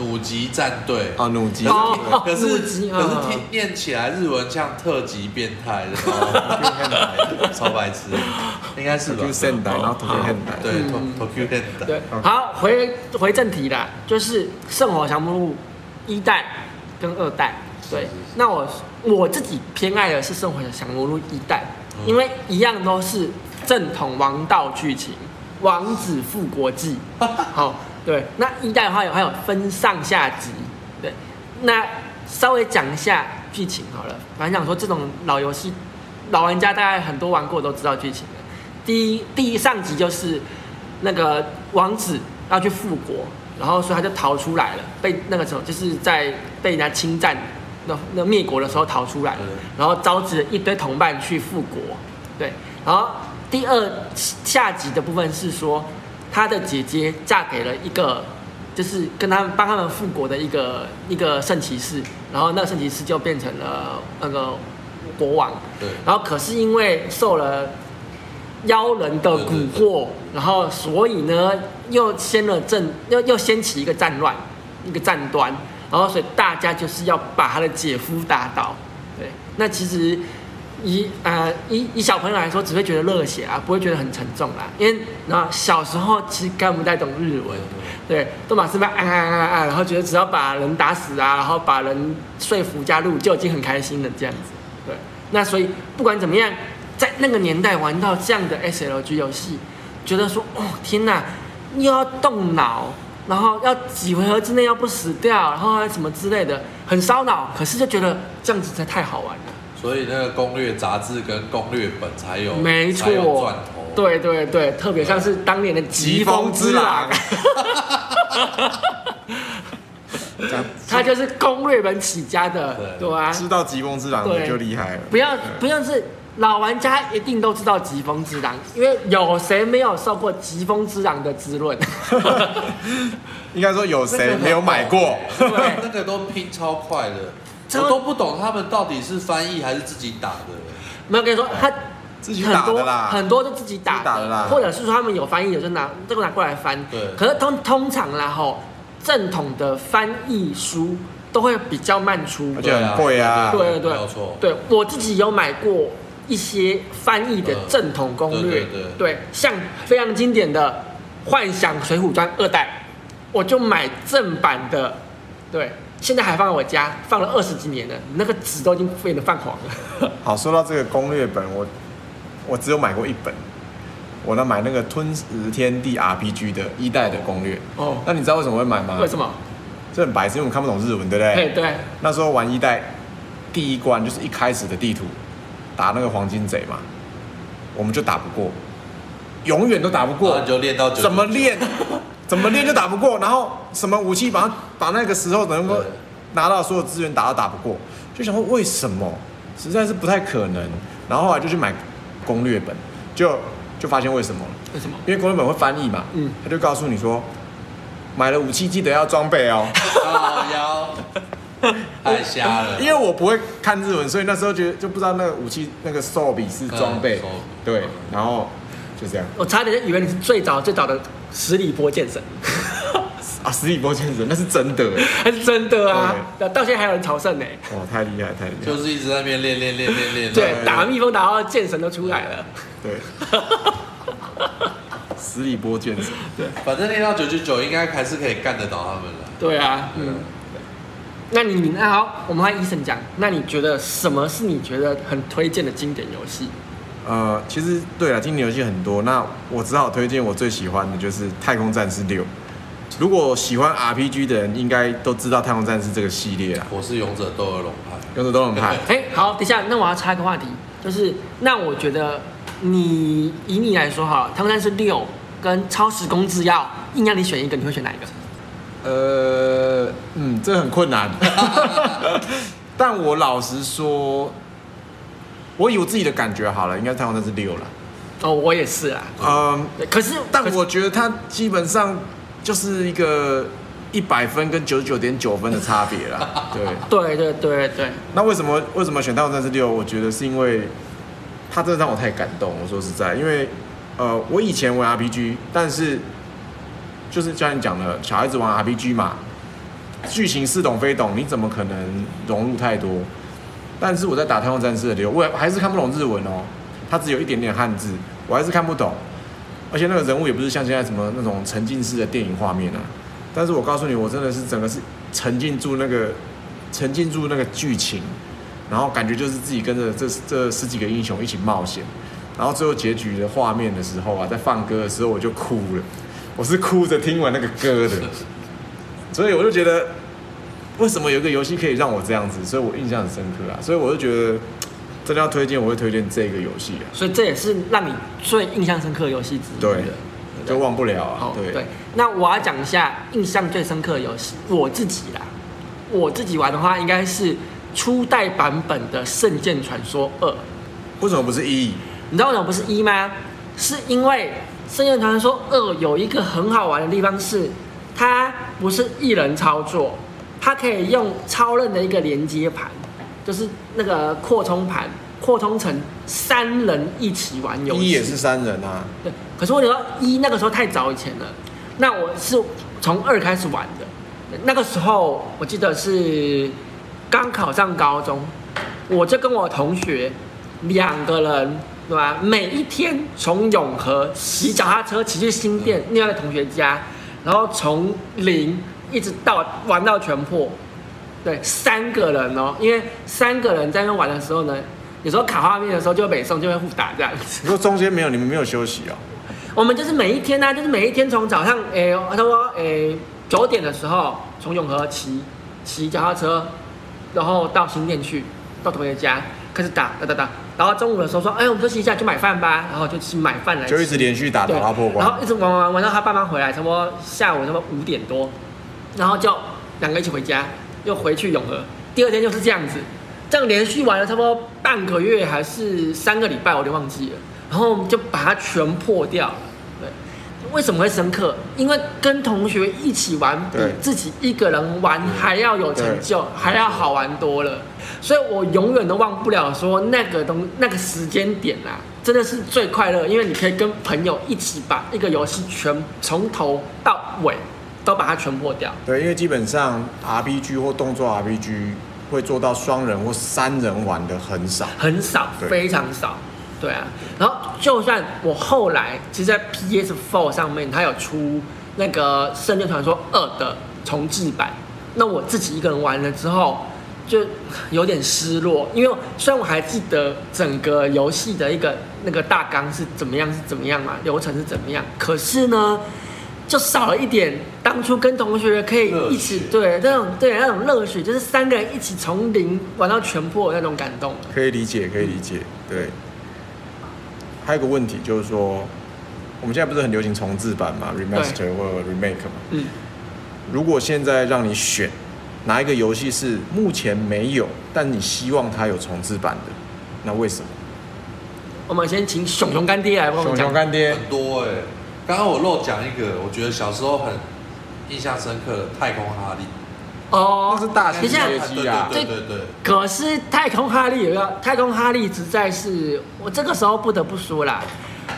弩級戰隊哦，弩級，可是可是聽念起來日文像特級變態的，超白痴，應該是龍聖代，然後頭 Q 聖代，對，頭頭 Q 聖代，對，好，回回正題啦，就是聖火降魔錄一代跟二代，對，那我我自己偏愛的是聖火降魔錄一代，因為一樣都是正統王道劇情，王子復國記，好。對，那一代的話有還有分上下集，對，那稍微講一下劇情好了。反正講說這種老遊戲，老玩家大概很多玩過都知道劇情，第一第一上集就是那個王子要去復國，然後所以他就逃出來了，被那個時候就是在被人家侵占，那那個滅國的時候逃出來，然後招致一堆同伴去復國。對，然後第二下集的部分是說。他的姐姐嫁給了一個，就是跟他們幫他們復國的一個一個聖騎士，然後那聖騎士就變成了那個國王。對。然後可是因為受了妖人的蠱惑，對對對對，然後所以呢又掀了陣，又又掀起一個戰亂，一個戰端。然後所以大家就是要把他的姐夫打倒。對。那其實。以呃以以小朋友來說，只會覺得熱血啊，不會覺得很沉重啦，因為那小時候其實根本不太懂日文，對，都滿是吧，啊啊啊啊，然後覺得只要把人打死啊，然後把人說服加入就已經很開心了這樣子，對，那所以不管怎麼樣，在那個年代玩到這樣的 SLG 遊戲，覺得說哦天吶，又要動腦，然後要幾回合之內要不死掉，然後還有什麼之類的，很燒腦，可是就覺得這樣子才太好玩了。所以那個攻略雜誌跟攻略本才有，沒錯，對對對，對，特別像是當年的《疾風之狼》之狼， *laughs* 他就是攻略本起家的，對，對啊，知道《疾風之狼》的就厲害了。不要，對不用是老玩家一定都知道《疾風之狼》，因為有誰沒有受過《疾風之狼》的滋潤？ *laughs* *laughs* 應該說有誰沒有買過？那個都拼超快的。成我都不懂他們到底是翻譯還是自己打的。沒有跟你說，對他很多自己打的啦，很多都自，自己打的啦，或者是說他們有翻譯，有時候拿這個拿過來翻。對，可是通通常啦，吼、哦，正統的翻譯書都會比較慢出，對，而且很貴啊。對對、啊、對，對對對對對沒錯。對，我自己有買過一些翻譯的正統攻略，對，對，對，對，對，對，像非常經典的《幻想水滸傳二代》，我就買正版的，對。現在還放在我家，放了二十幾年了，你那個紙都已經變得泛黃了。 *laughs* 好，說到這個攻略本，我我只有買過一本，我那買那個《吞食天地》RPG 的一代的攻略。哦，那你知道為什麼會買嗎？為什麼？這很白痴，因為我們看不懂日文，對不對？對。對，那時候玩一代，第一關就是一開始的地圖，打那個黃金賊嘛，我們就打不過，永遠都打不過，啊，就練到怎麼練？ *laughs* 怎麼練就打不過，然後什麼武器把把那個時候能夠拿到所有資源打都打不過，就想說為什麼，實在是不太可能。然後後來就去買攻略本，就就發現為什麼了？為什麼？因為攻略本會翻譯嘛，嗯，他就告訴你說，買了武器記得要裝備哦。啊，要太瞎了，因為我不會看日文，所以那時候覺得就不知道那個武器那個手柄、okay. 是裝備，對，然後就這樣。我差點以為你是最早最早的。十里坡劍神 *laughs* 啊！十里坡劍神那是真的，那是真的，是真的啊？Okay. 到現在還有人朝聖呢。哇，太厲害，太厲害！就是一直在那邊練練練練練。對，對了打蜜蜂打到劍神都出來了。對， *laughs* 十里坡劍神，對，反正練到九九九，應該還是可以幹得到他們了。對啊，對啊。嗯，了那你，你那好，我們換 Ethan 講。那你覺得什麼是你覺得很推薦的經典遊戲？呃，其實對了，今年遊戲很多，那我只好推薦我最喜歡的就是《太空戰士六》。如果喜歡 RPG 的人應該都知道《太空戰士》這個系列啊。我是勇者鬥惡龍勇者鬥惡龍派。哎、欸，好，等一下，那我要插一個話題，就是那我覺得你以你來說哈，《太空戰士六》跟《超時空之鑰》，硬要你選一個，你會選哪一個？呃，嗯，這很困難。 *laughs* 但我老實說。我有自己的感覺好了，應該《太空戰士六》了。哦，我也是啊。是嗯，可是，但我覺得它基本上就是一個一百分跟九十九點九分的差別了。對對對對對。那為什麼為什麼選《太空戰士六》？我覺得是因為它真的讓我太感動。我說實在，因為呃，我以前玩 RPG，但是就是像你講的，小孩子玩 RPG 嘛，劇情似懂非懂，你怎麼可能融入太多？但是我在打《太空戰士》的時候，我還是看不懂日文哦。它只有一點點漢字，我還是看不懂。而且那個人物也不是像現在什麼那種沉浸式的電影畫面啊。但是我告訴你，我真的是整個是沉浸住那個，沉浸住那個劇情，然後感覺就是自己跟着這這十幾個英雄一起冒險。然後最後結局的畫面的時候啊，在放歌的時候，我就哭了。我是哭着聽完那個歌的，所以我就覺得。為什麼有一個遊戲可以讓我這樣子？所以我印象很深刻啊！所以我就覺得真的要推薦，我會推薦這個遊戲啊！所以這也是讓你最印象深刻遊戲之一的，對對對就忘不了啊。好，對。對。那我要講一下印象最深刻的遊戲我自己啦，我自己玩的話應該是初代版本的《聖劍傳說二》。為什麼不是一？你知道為什麼不是一嗎？對是因為《聖劍傳說二》有一個很好玩的地方是它不是一人操作。他可以用超任的一個連接盤，就是那個擴充盤，擴充成三人一起玩遊戲。一也是三人啊。對，可是我覺得一那個時候太早以前了，那我是從二開始玩的，那個時候我記得是剛考上高中，我就跟我同學兩個人對吧，每一天從永和騎腳踏車騎去新店另外一個同學家，然後從零。一直到玩到全破，對，三個人哦，因為三個人在那玩的時候呢，有時候卡畫面的時候就會被送就會互打這樣子。如果中間沒有你們沒有休息哦， *laughs* 我們就是每一天呢、啊，就是每一天從早上誒，他說誒九點的時候從永和騎騎腳踏車，然後到新店去，到同學家開始打打打打，然後中午的時候說，哎、欸，我們休息一下去買飯吧，然後就去買飯來。就一直連續打對打,打破關，然後一直玩玩玩玩到他爸媽回來，差不多下午差不多五點多。然後就兩個一起回家，又回去永和，第二天就是這樣子，這樣連續玩了差不多半個月還是三個禮拜，我就忘記了。然後就把它全破掉了。對，為什麼會深刻？因為跟同學一起玩比對自己一個人玩還要有成就，還要好玩多了。所以我永遠都忘不了說那個東那個時間點啊，真的是最快樂，因為你可以跟朋友一起把一個遊戲全從頭到尾。都把它全破掉。對，因為基本上 RPG 或動作 RPG 會做到雙人或三人玩的很少，很少，對非常少。對啊，然後就算我後來，其實，在 PS4 上面，它有出那個《聖劍傳說二》的重置版，那我自己一個人玩了之後，就有點失落，因為雖然我還記得整個遊戲的一個那個大綱是怎麼樣，是怎麼樣嘛，流程是怎麼樣，可是呢。就少了一點當初跟同學可以一起血對這種對那種熱血就是三個人一起從零玩到全破那種感動，可以理解，可以理解。嗯、對，還有個問題就是說，我們現在不是很流行重置版嘛，remaster 對或者 remake 嘛？嗯。如果現在讓你選，哪一個遊戲是目前沒有但你希望它有重置版的，那為什麼？我們先請熊熊乾爹來幫我們講熊熊乾爹，很多哎、欸。剛剛我漏講一個，我覺得小時候很印象深刻的《太空哈利》哦，那是大型飛機啊，對對對。可是《太空哈利》有個《太空哈利》，實在是我這個時候不得不說啦。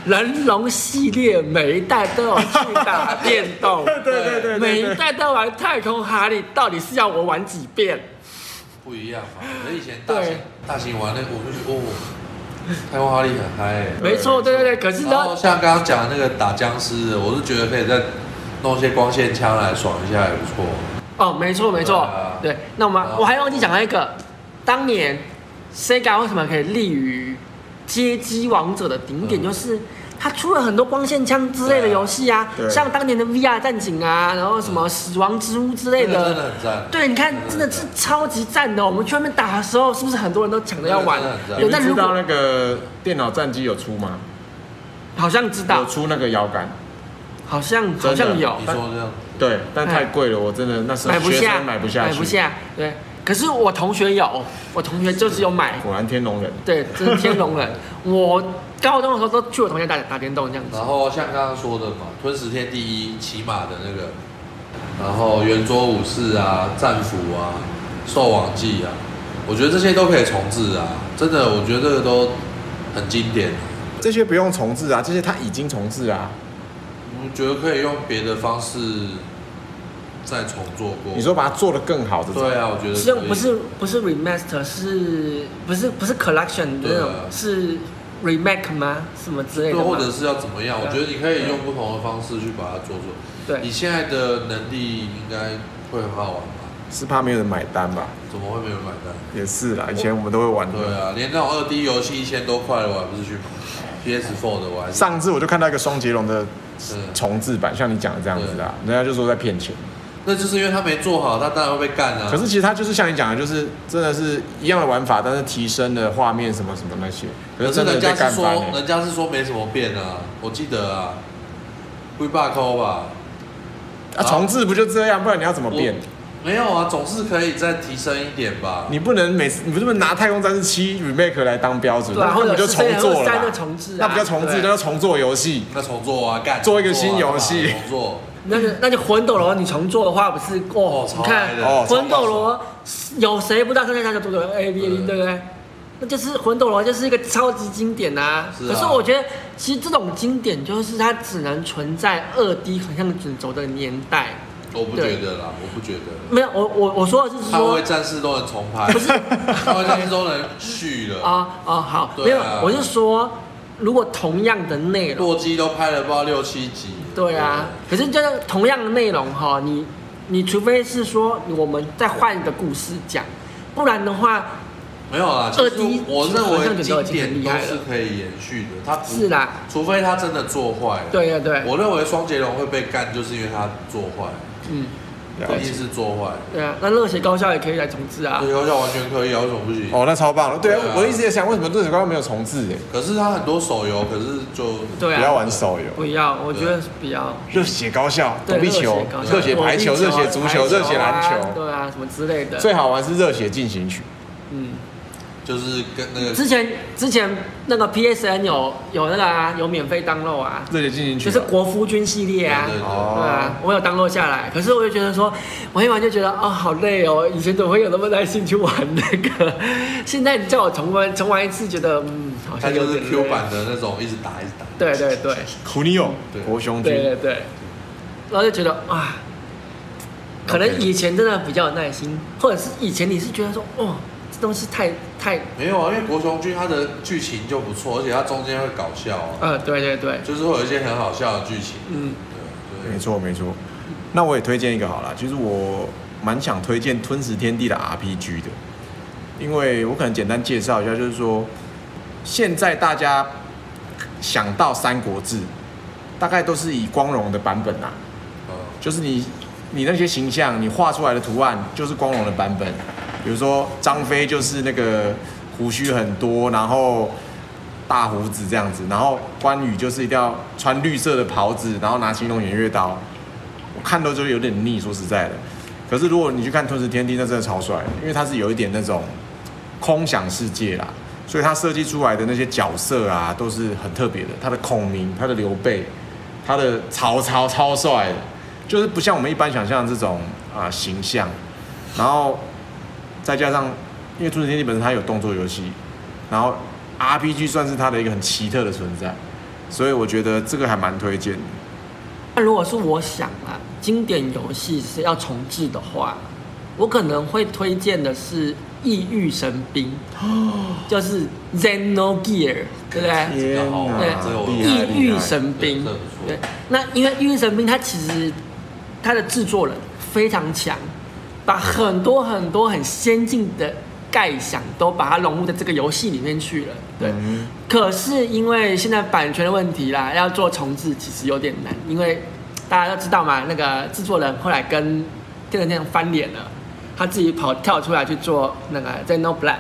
人龍系列每一代都有巨大的變動， *laughs* 對對對,對,對,對,對,對，每一代都玩《太空哈利》，到底是要我玩幾遍？不一樣嘛，我以前大型對大型玩的，我就覺得我。哦哦太空哈利很嗨、欸，沒錯，對對對。可是呢像剛剛講的那個打僵屍，的我是覺得可以再弄一些光線槍來爽一下也不錯。哦，沒錯沒錯，對、啊、對。那我們、啊、我還忘記講一個，當年 Sega 為什麼可以立於街機王者的頂點，就是。他出了很多光線槍之類的遊戲啊，像當年的 VR 戰警啊，然後什麼死亡之屋之類的，對，你看真的是超級讚的。我們去外面打的時候，是不是很多人都搶着要玩？有，你知道那個電腦戰機有出嗎？好像知道有出那個搖桿，好像好像有，你說的對，但太貴了，我真的那時候買不下，買不下，買不下。對，可是我同學有，我同學就是有買。果然天龍人，對，真的天龍人，我。高中的時候都去我同學打打電動這樣子。然後像剛剛說的嘛，吞食天地一騎馬的那個，然後圓桌武士啊，戰斧啊，獸王記啊，我覺得這些都可以重置啊，真的，我覺得這個都很經典，啊。這些不用重置啊，這些他已經重置啊。我覺得可以用別的方式再重做過。你說把它做得更好的，的對啊，我覺得。是用不是，aster, 是不是 remaster，是不是不 coll、啊、是 collection 那種是。remake 嗎？什麼之類的？或者是要怎麼樣？對我覺得你可以用不同的方式去把它做做。對，你現在的能力應該會很好玩吧？是怕沒有人買單吧？怎麼會沒有人買單？也是啦，以前我們都會玩我對啊，連那種二 D 遊戲一千多塊，我還不是去買 PS4 的我還玩。上次我就看到一個雙截龍的重製版，對像你講的這樣子啊，對人家就說在騙錢。那就是因為他沒做好，他當然會被幹啊。可是其實他就是像你講的，就是真的是一樣的玩法，但是提升了畫面什麼什麼那些。可是，真的是，可是人家是說，人家是說沒什麼變啊，我記得啊，不 e b u 吧？啊，啊重置不就這樣？不然你要怎麼變？沒有啊，總是可以再提升一點吧。你不能每次，你不是拿《太空戰士七》remake 來當標準，對然後你就重做了？那叫重，、啊、重置，對那不叫重置，那叫重做遊戲。那重做啊，幹，啊、做一個新遊戲、啊，重做。那就那就《魂斗羅》你重做的話，不是過？你看《魂斗羅》，有誰不知道現在就做的 A B A 對不對？那就是《魂斗羅》就是一個超級經典啊！可是我覺得，其實這種經典就是它只能存在二 D 橫向卷軸的年代。我不覺得啦，我不覺得。沒有，我我我說的就是說，各位戰士都能重拍，不是？各位戰士都能續了啊啊！好，沒有，我是說，如果同樣的內容，洛基都拍了不知道六七集。對啊，可是這同樣的內容，哦、你，你除非是說我們再換一個故事講，不然的話，沒有啊。我認為經典都是可以延續的，它是啦，除非他真的做壞了。對對、啊、對，我認為雙截龍會被幹，就是因為他做壞。嗯。熱意識做壞，對啊，那熱血高校也可以來重置啊，熱血高校完全可以，為什麼不行？哦，那超棒了，對啊，我一直在想為什麼熱血高校沒有重置誒，可是它很多手遊，可是就不要玩手遊，不要，我覺得比較熱血高校躲避球、熱血排球、熱血足球、熱血籃球，對啊，什麼之類的，最好玩是熱血進行曲，嗯。就是跟那個之前之前那個 PSN 有有那個啊，有免費 download 啊，熱烈進行曲就是國夫君系列啊，啊對，對，對啊，我有 download 下來，可是我就覺得說玩一玩就覺得哦好累哦，以前怎麼會有那麼耐心去玩那個？現在你叫我重溫重玩一次，覺得嗯好像就是 Q 版的那種，一直打一直打。對對對，苦力勇國雄君。對對，對然後就覺得啊，可能以前真的比較有耐心，或者是以前你是覺得說哦。東西太太沒有啊，因為國熊劇它的劇情就不錯，而且它中間會搞笑啊。呃、嗯，對對對，就是會有一些很好笑的劇情。嗯對，對沒錯沒錯。那我也推薦一個好了，就是我蠻想推薦《吞食天地》的 RPG 的，因為我可能簡單介紹一下，就是說現在大家想到《三國志》，大概都是以光榮的版本吶、啊，就是你你那些形象你畫出來的圖案就是光榮的版本。比如說張飛就是那個胡鬚很多，然後大鬍子這樣子，然後關羽就是一定要穿綠色的袍子，然後拿青龍偃月刀，我看都就有點膩，說實在的。可是如果你去看《吞食天地》，那真的超帥的，因為他是有一點那種空想世界啦，所以他設計出來的那些角色啊都是很特別的。他的孔明、他的劉備、他的曹操超帥的，就是不像我們一般想象的這種啊形象，然後。再加上，因為《吞食天地》本身它有動作遊戲，然後 RPG 算是它的一個很奇特的存在，所以我覺得這個還蠻推薦。那如果是我想啊，經典遊戲是要重製的話，我可能會推薦的是《異域神兵》，哦， *coughs* 就是《Zeno Gear》，對不對？對，這猴《異域神兵》對，對，那因為《異域神兵》它其實它的製作人非常強。把很多很多很先進的概念都把它融入在這個遊戲裡面去了，對。可是因為現在版權的問題啦，要做重製其實有點難，因為大家都知道嘛，那個製作人後來跟電影電動翻臉了，他自己跑跳出來去做那個 Xenoblade，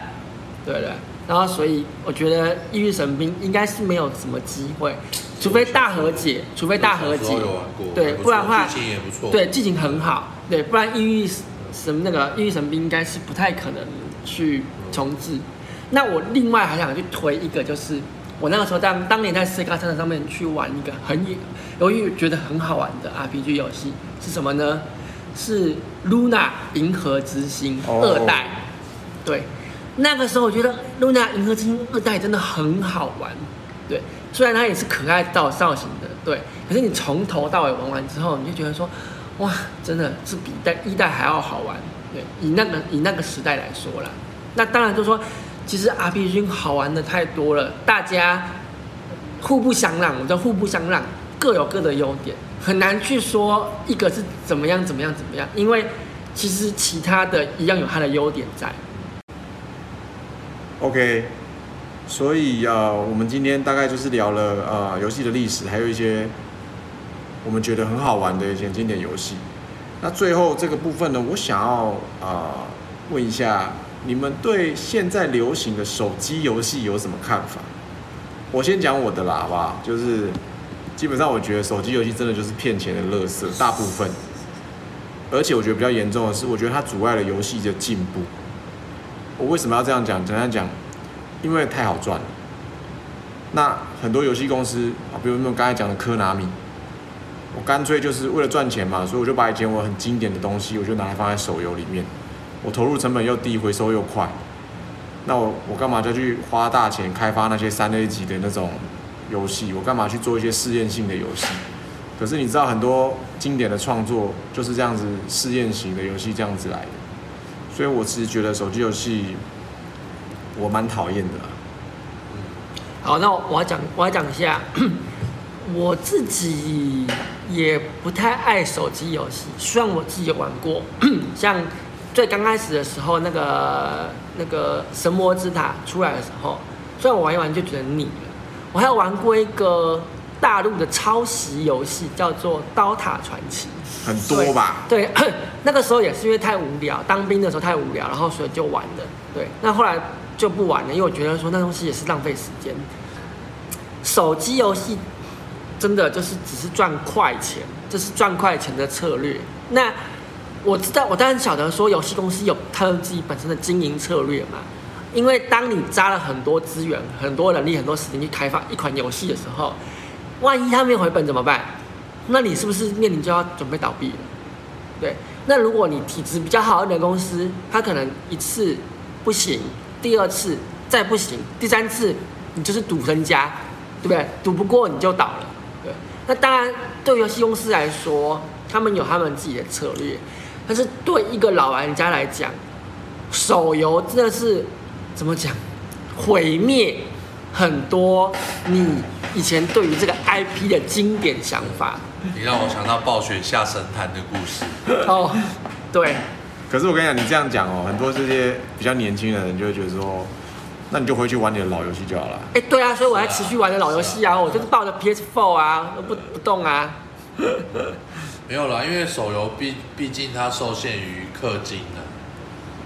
對對。然後所以我覺得《異域神兵》應該是沒有什麼機會，除非大和解，除非大和解。對，不然的話。對，劇情很好，對，不然異域。什麼那個《異域神兵》應該是不太可能去重製。那我另外還想去推一個，就是我那個時候當當年在 SEGA CD 上面去玩一個很，由於覺得很好玩的 RPG 遊戲是什麼呢？是《露娜銀河之星二代》。Oh. 對，那個時候我覺得《露娜銀河之星二代》真的很好玩。對，雖然它也是可愛造造型的，對，可是你從頭到尾玩完之後，你就覺得說。哇，真的是比一代一代還要好，好玩。對，以那個以那個時代來說啦，那當然就是說，其實 RPG 好玩的太多了，大家互不相讓，我叫互不相讓，各有各的優點，很難去說一個是怎麼樣怎麼樣怎麼樣，因為其實其他的一樣有它的優點在。OK，所以啊、呃，我們今天大概就是聊了啊，遊、呃、戲的歷史，還有一些。我們覺得很好玩的一些經典遊戲。那最後這個部分呢，我想要啊、呃、問一下你們對現在流行的手機遊戲有什麼看法？我先講我的啦，好不好？就是基本上我覺得手機遊戲真的就是騙錢的樂色，大部分。而且我覺得比較嚴重的是，我覺得它阻礙了遊戲的進步。我為什麼要這樣講？怎樣講？因為太好賺了。那很多遊戲公司啊，比如我們剛才講的科拿米。我乾脆就是為了賺錢嘛，所以我就把以前我很經典的東西，我就拿來放在手遊裡面。我投入成本又低，回收又快。那我我幹嘛就去花大錢開發那些三 A 級的那種遊戲？我幹嘛去做一些試驗性的遊戲？可是你知道，很多經典的創作就是這樣子試驗型的遊戲這樣子來的。所以，我其實覺得手機遊戲我蠻討厭的、啊。好，那我要講，我要講一下。 *coughs* 我自己也不太愛手機遊戲，雖然我自己有玩過，像最剛開始的時候，那個那個神魔之塔出來的時候，雖然我玩一玩就覺得膩了。我還有玩過一個大陸的抄襲遊戲，叫做《刀塔傳奇》，很多吧？對，那個時候也是因為太無聊，當兵的時候太無聊，然後所以就玩的。對，那後來就不玩了，因為我覺得說那東西也是浪費時間。手機遊戲。真的就是只是賺快錢，這、就是賺快錢的策略。那我知道，我當然曉得說，遊戲公司有他自己本身的經營策略嘛。因為當你紮了很多資源、很多人力、很多時間去開發一款遊戲的時候，萬一他沒有回本怎麼辦？那你是不是面臨就要準備倒閉了？對。那如果你體質比較好一點的公司，它可能一次不行，第二次再不行，第三次你就是賭身家，對不對？賭不過你就倒了。那當然，對遊戲公司來說，他們有他們自己的策略。但是對一個老玩家來講，手遊真的是怎麼講？毀滅很多你以前對於這個 IP 的經典想法。你讓我想到暴雪下神壇的故事。哦，對。可是我跟你講，你這樣講哦，很多這些比較年輕的人就會覺得說。那你就回去玩你的老遊戲就好了。哎、欸，對啊，所以我還持續玩着老遊戲啊，啊啊我就是抱着 PS4 啊，不不動啊。沒有啦，因為手遊畢畢竟它受限於氪金的、啊，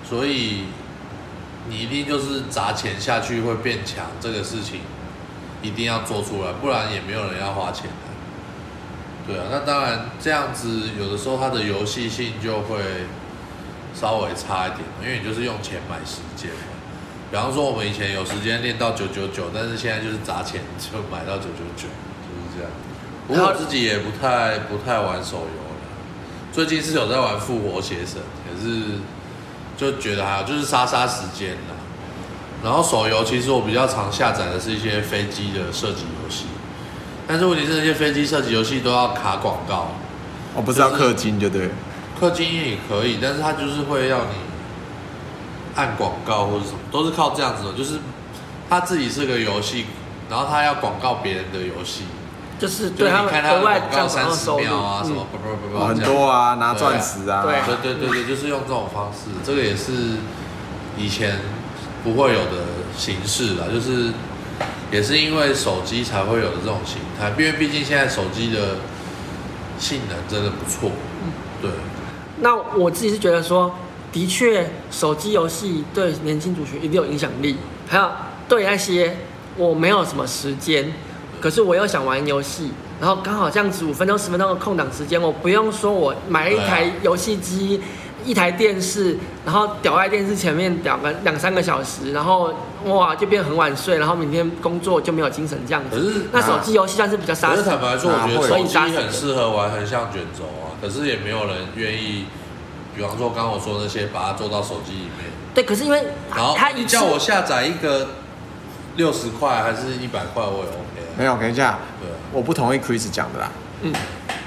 所以你一定就是砸錢下去會變強，這個事情一定要做出來，不然也沒有人要花錢的、啊。對啊，那當然這樣子，有的時候它的遊戲性就會稍微差一點，因為你就是用錢買時間。比方說，我們以前有時間練到九九九，但是現在就是砸錢就買到九九九，就是這樣。不過自己也不太不太玩手遊了，最近是有在玩《復活邪神》，可是就覺得還好，就是殺殺時間了。然後手遊其實我比較常下載的是一些飛機的射擊遊戲，但是問題是那些飛機射擊遊戲都要卡廣告，我不知道氪金就對，氪金也可以，但是它就是會要你。按廣告或者什麼，都是靠這樣子的。就是他自己是個遊戲，然後他要廣告別人的遊戲，就是對，你看他的廣告三十秒啊，什麼不不不不，很多啊，拿鑽石啊，對，啊對對對對，嗯、就是用這種方式，這個也是以前不會有的形式啦，就是也是因為手機才會有的這種形態，因為畢竟現在手機的性能真的不錯，對。那我自己是覺得說。的確，手機遊戲對年輕族群一定有影響力。還有對那些我沒有什麼時間，可是我又想玩遊戲，然後剛好這樣子五分鐘、十分鐘的空檔時間，我不用說，我買了一台遊戲機，啊、一台電視，然後屌在電視前面屌個兩三個小時，然後哇就變很晚睡，然後明天工作就沒有精神這樣子。啊、那手機遊戲算是比較沙沙，坦白說我覺得手機很適合玩橫向卷軸啊，可是也沒有人願意。比方說，剛我說那些，把它做到手機裡面。對，可是因為好，你叫我下載一個六十塊還是一百塊？我也、OK、沒有？等一下，啊、我不同意 Chris 講的啦。嗯、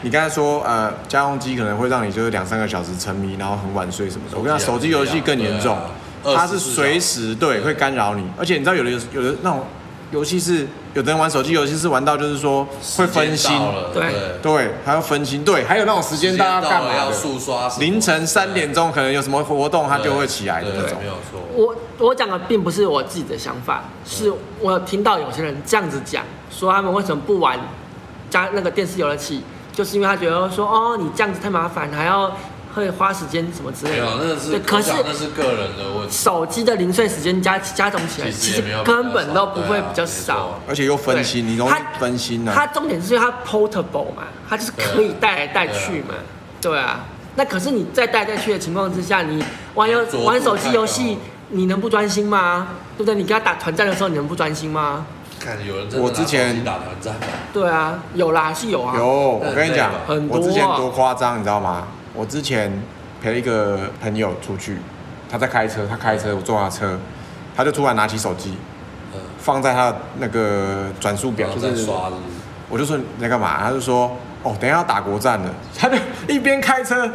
你剛才說呃，家用機可能會讓你就是兩三個小時沉迷，然後很晚睡什麼的。啊、我跟你講，手機遊戲更嚴重，它是隨時對會干擾你，而且你知道有的有有的那種。尤其是有的人玩手機，尤其是玩到就是說會分心，對對，還要分心，對，還有那種時間大家幹嘛要速刷，凌晨三點鐘可能有什麼活動他就會起來的對那種。沒有錯，我我講的並不是我自己的想法，是我聽到有些人這樣子講，說他們為什麼不玩加那個電視遊樂器，就是因為他覺得說哦，你這樣子太麻煩，還要。會花時間什麼之類的，對，可是是個人的問題。手機的零碎時間加加總起來，其實根本，本都不會比較少，啊，而且又分心，你容易分心啊。它重點是因為它 portable 嘛，它就是可以帶來帶去嘛。對啊，那可是你在帶來帶去的情況之下，你玩遊玩手機遊戲，你能不專心嗎？對不對？你跟他打團戰的時候，你能不專心嗎？看有人，我之前打團戰，對啊，有啦，是有啊。有，我跟你講、啊，很多，我之前多誇張，你知道嗎？我之前陪了一個朋友出去，他在開車，他開車，我坐他車，他就突然拿起手機，放在他那個轉速表，嗯、就在、是、刷。我就說你在幹嘛？他就說哦，等一下要打國戰了。他就一邊開車，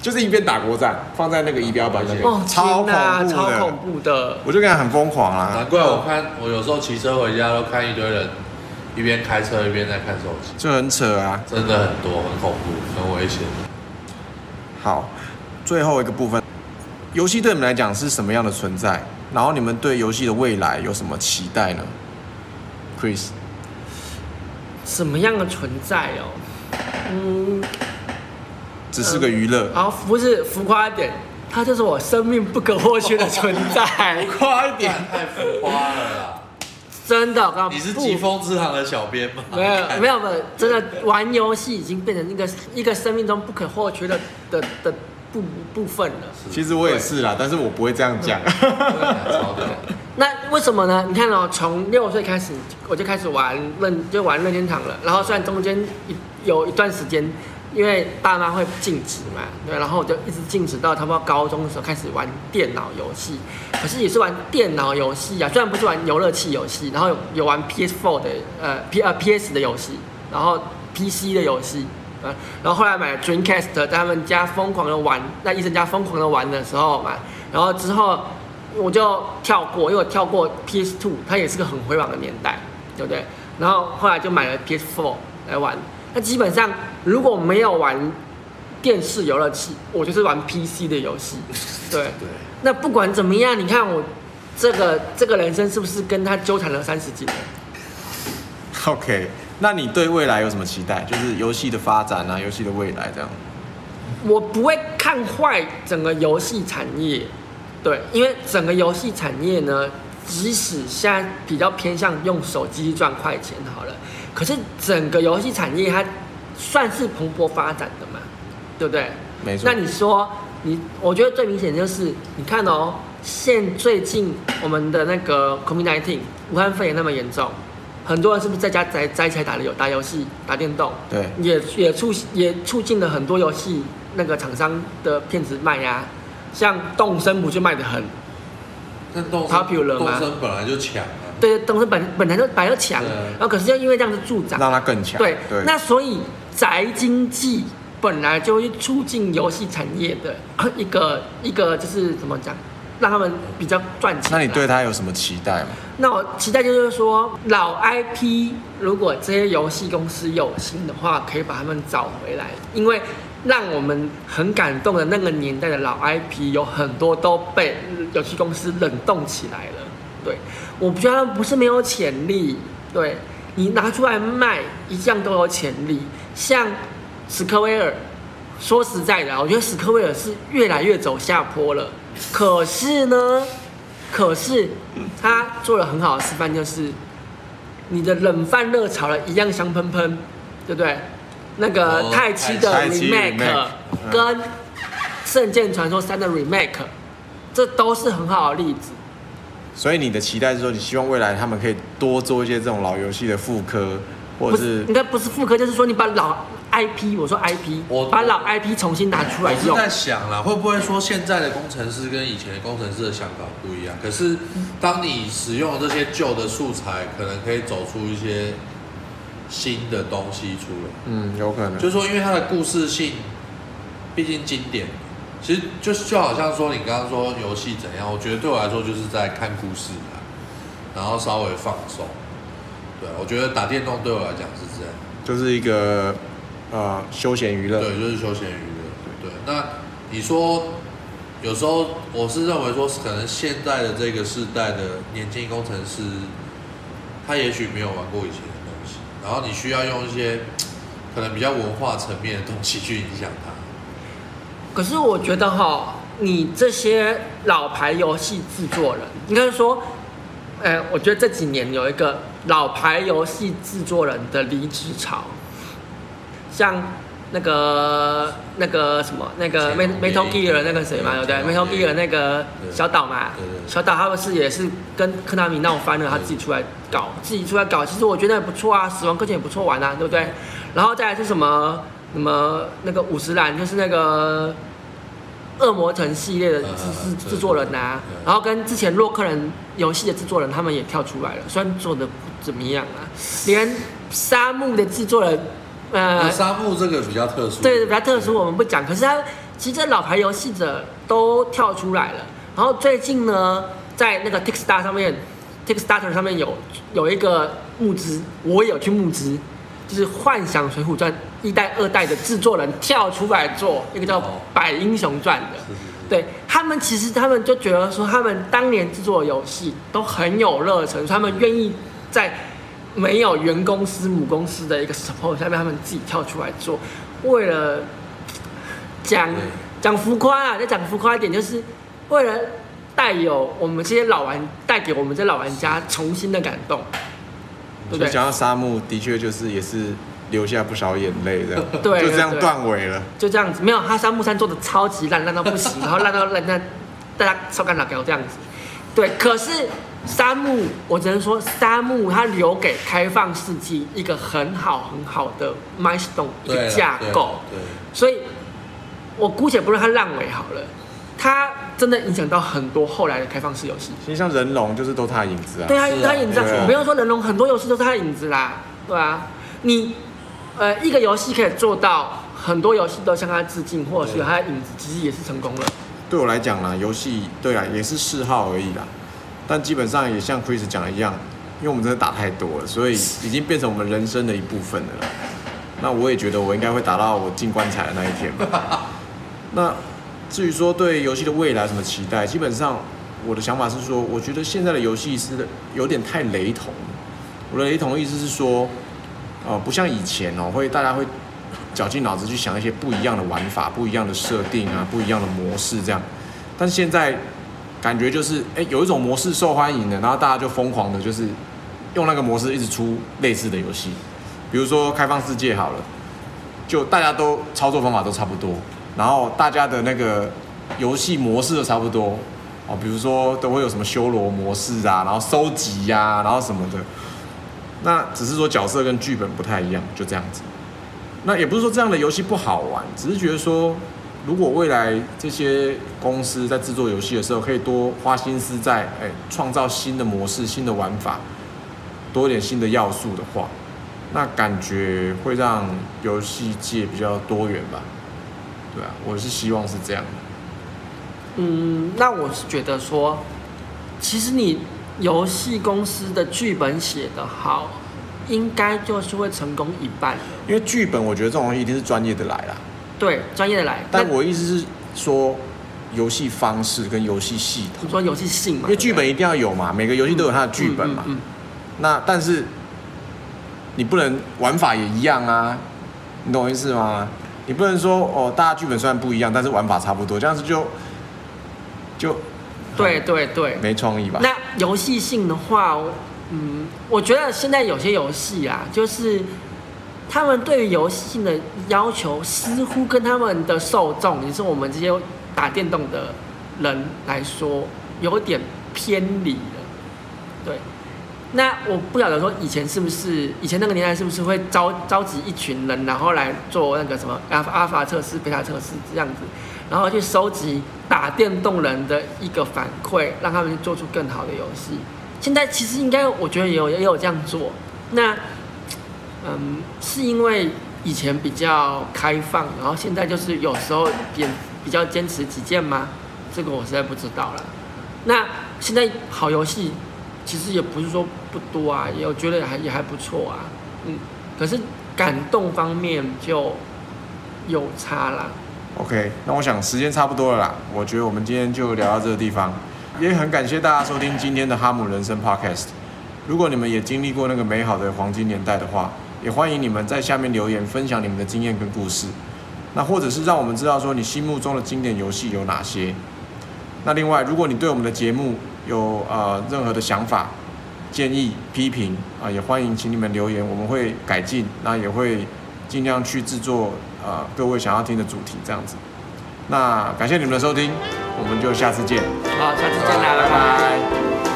就是一邊打國戰，放在那個儀表板上，超恐怖的。超恐怖的，我就感覺很瘋狂啊！難怪我看我有時候騎車回家都看一堆人，一邊開車一邊在看手機，就很扯啊！真的很多，很恐怖，很危險。好，最後一個部分，遊戲對你們來講是什麼樣的存在？然後你們對遊戲的未來有什麼期待呢？Chris，什麼樣的存在哦？嗯，只是個娛樂、嗯。好，不是浮誇一點，它就是我生命不可或缺的存在。 *laughs* 浮誇一點，太浮誇了。真的，剛剛你是疾風之行的小編嗎？沒有，沒有，真的，玩遊戲已經變成一個對對對，一個生命中不可或缺的的的部部分了。其實我也是啦，對 但是我不會這樣講，啊。對對對，那為什麼呢？你看哦，從六歲開始我就開始玩任就玩任天堂了，然後雖然中間有，有一段時間。因為爸媽會禁止嘛，對，然後我就一直禁止到他們高中的時候開始玩電腦遊戲，可是也是玩電腦遊戲啊，雖然不是玩遊樂器遊戲，然後有有玩 PS4 的，呃，P 呃 PS 的遊戲，然後 PC 的遊戲，嗯，然後後來買了 Dreamcast，在他們家瘋狂的玩，在醫生家瘋狂的玩的時候嘛，然後之後我就跳過，因為我跳過 PS2，它也是個很輝煌的年代，對不對？然後後來就買了 PS4 來玩。那基本上如果沒有玩電視遊樂器，我就是玩 PC 的遊戲。對，對那不管怎麼樣，你看我這個這個人生是不是跟他糾纏了三十幾年？OK，那你對未來有什麼期待？就是遊戲的發展啊，遊戲的未來這樣。我不會看壞整個遊戲產業，對，因為整個遊戲產業呢，即使現在比較偏向用手機賺快錢，好了。可是整個遊戲產業它算是蓬勃發展的嘛，對不對？沒錯。那你說你，我覺得最明顯就是，你看哦，現最近我們的那個 COVID-19，武漢肺炎那麼嚴重，很多人是不是在家宅宅起來打遊打遊戲打電動？對。也也促也促進了很多遊戲那個廠商的片子賣呀、啊，像動森不就賣得很？它 popular 嗎？動森本來就強。對，本身本本來就比較強，然後的可是又因為這樣子助長，讓它更強。對，對。那所以宅經濟本來就會促進遊戲產業的一個一個就是怎麼講，讓他們比較賺錢啊。那你對他有什麼期待嗎？那我期待就是說老 IP，如果這些遊戲公司有心的話，可以把他們找回來，因為讓我們很感動的那個年代的老 IP 有很多都被遊戲公司冷凍起來了，對。我覺得不是沒有潛力，對，你拿出來賣，一樣都有潛力。像史克威爾，說實在的，我覺得史克威爾是越來越走下坡了。可是呢，可是他做了很好的示範，就是你的冷飯熱炒了一樣香噴噴，對不對？哦、不那個太七的 remake，rem、嗯、跟聖劍傳說三的 remake，、嗯嗯、這都是很好的例子。所以你的期待是說，你希望未來他們可以多做一些這種老遊戲的復刻，或者是應該不，不是復刻，就是說你把老 IP，我說 IP，我把老 IP 重新拿出來用。是在想了，會不會說現在的工程師跟以前的工程師的想法不一樣？可是當你使用這些舊的素材，可能可以走出一些新的東西出來。嗯，有可能。就是說，因為它的故事性，畢竟經典。其實就是就好像說，你剛剛說遊戲怎樣，我覺得對我來說就是在看故事啊，然後稍微放鬆。對，我覺得打電動對我來講是這樣，就是一個呃休閒娛樂。對，就是休閒娛樂。對。那你說，有時候我是認為說，可能現在的這個世代的年輕工程師，他也許沒有玩過以前的東西，然後你需要用一些可能比較文化層面的東西去影響他。可是我覺得哈、哦，你這些老牌遊戲制作人，應該說，哎，我覺得這幾年有一個老牌遊戲制作人的離職潮，像那個那個什麼那個 Metal Gear 那個誰嘛，對不對,對,對,對,對？Metal Gear 那個小島嘛，小島他們是也是跟科拿米鬧翻了，他自己出來搞，對自己出來搞，其實我覺得那也不錯啊，死亡擱淺也不錯玩啊，對不對？然後再來是什麼？那麼那個五十嵐就是那個惡魔城系列的制制製作人吶、啊，嗯、然後跟之前洛克人遊戲的製作人，他們也跳出來了，雖然做的不怎麼樣啊，連沙木的製作人，呃，嗯、沙木這個比較特殊，對，比較特殊，我們不講。對可是他其實老牌遊戲者都跳出來了，然後最近呢，在那個 Kickstarter 上面 Kickstarter 上面有有一個募資，我有去募資。就是幻想《水滸傳》一代、二代的制作人跳出來做一個叫《百英雄傳》的，對他們其實他們就覺得說他們當年制作遊戲都很有熱忱，說他們願意在沒有原公司母公司的一個 support 下面，他們自己跳出來做，為了講講浮誇啊，再講浮誇一點，就是為了帶有我們這些老玩帶給我們這些老玩家重新的感動。所以講到莎木的確就是也是留下不少眼淚的，對對對對，就這樣斷尾了，就這樣子，沒有他莎木三做的超級爛，爛到不行，然後爛到爛到大家臭幹老我這樣子，對。可是莎木，我只能說莎木它留給開放世界一個很好很好的 milestone 了一個架構，對，對，對，所以，我姑且不論他爛尾好了，他。真的影響到很多後來的開放式遊戲。實際像人龍就是都他的影子啊。對啊，啊他的影子、啊。我沒有說人龍很多遊戲都是他的影子啦，對啊。你呃一個遊戲可以做到很多遊戲都向他致敬，或者是他的影子，其實也是成功了。對，對我來講呢，遊戲對啊也是嗜好而已啦。但基本上也像 Chris 講的一樣，因為我們真的打太多了，所以已經變成我們人生的一部分了啦。那我也覺得我應該會打到我進棺材的那一天吧。啊、那。至於說對遊戲的未來什麼期待，基本上我的想法是說，我覺得現在的遊戲是有點太雷同。我的雷同的意思是說，呃，不像以前哦，會大家會絞盡腦汁去想一些不一樣的玩法、不一樣的設定啊、不一樣的模式這樣。但現在感覺就是，哎，有一種模式受歡迎的，然後大家就瘋狂的，就是用那個模式一直出類似的遊戲，比如說開放世界好了，就大家都操作方法都差不多，然後大家的那個遊戲模式都差不多哦，比如說都會有什麼修羅模式啊，然後收集呀、啊，然後什麼的。那只是說角色跟劇本不太一樣，就這樣子。那也不是說這樣的遊戲不好玩，只是覺得說，如果未來這些公司在製作遊戲的時候，可以多花心思在，哎，創造新的模式、新的玩法，多一點新的要素的話，那感覺會讓遊戲界比較多元吧。對啊，我是希望是這樣的。嗯，那我是覺得說，其實你遊戲公司的劇本寫得好，應該就是會成功一半。因為劇本，我覺得這種東西一定是專業的來啦。對，專業的來。但那我意思是說，遊戲方式跟遊戲系統，你說遊戲性嘛，因為劇本一定要有嘛，每個遊戲都有它的劇本嘛。嗯嗯嗯嗯、那但是你不能玩法也一樣啊，你懂我意思嗎？你不能說哦，大家劇本雖然不一樣，但是玩法差不多，這樣子就，就，對對對，對對沒創意吧？那遊戲性的話，嗯，我覺得現在有些遊戲啊，就是他們對於遊戲性的要求，似乎跟他們的受眾，也是我們這些打電動的人來說，有點偏離了，對。那我不曉得說，以前是不是，以前那個年代是不是會召、召集一群人然後來做那個什麼阿、阿爾法測試、貝塔測試這樣子，然後去收集打電動人的一個反饋，讓他們做出更好的遊戲。現在其實應該我覺得也有，也有這樣做。那嗯，是因為以前比較開放，然後現在就是有時候比比較堅持己見嗎？這個我實在不知道了。那現在好遊戲。其實也不是說不多啊，也我覺得還也還不錯啊，嗯，可是感動方面就有差啦。OK，那我想時間差不多了啦，我覺得我們今天就聊到這個地方，也很感謝大家收聽今天的哈姆人生 Podcast。如果你們也經歷過那個美好的黃金年代的話，也歡迎你們在下面留言分享你們的經驗跟故事，那或者是讓我們知道說你心目中的經典遊戲有哪些。那另外，如果你對我們的節目，有啊、呃，任何的想法、建議、批評啊、呃，也歡迎，請你們留言，我們會改進。那也會盡量去製作啊、呃，各位想要聽的主題這樣子。那感謝你們的收聽，我們就下次見。好，下次見啦，拜拜。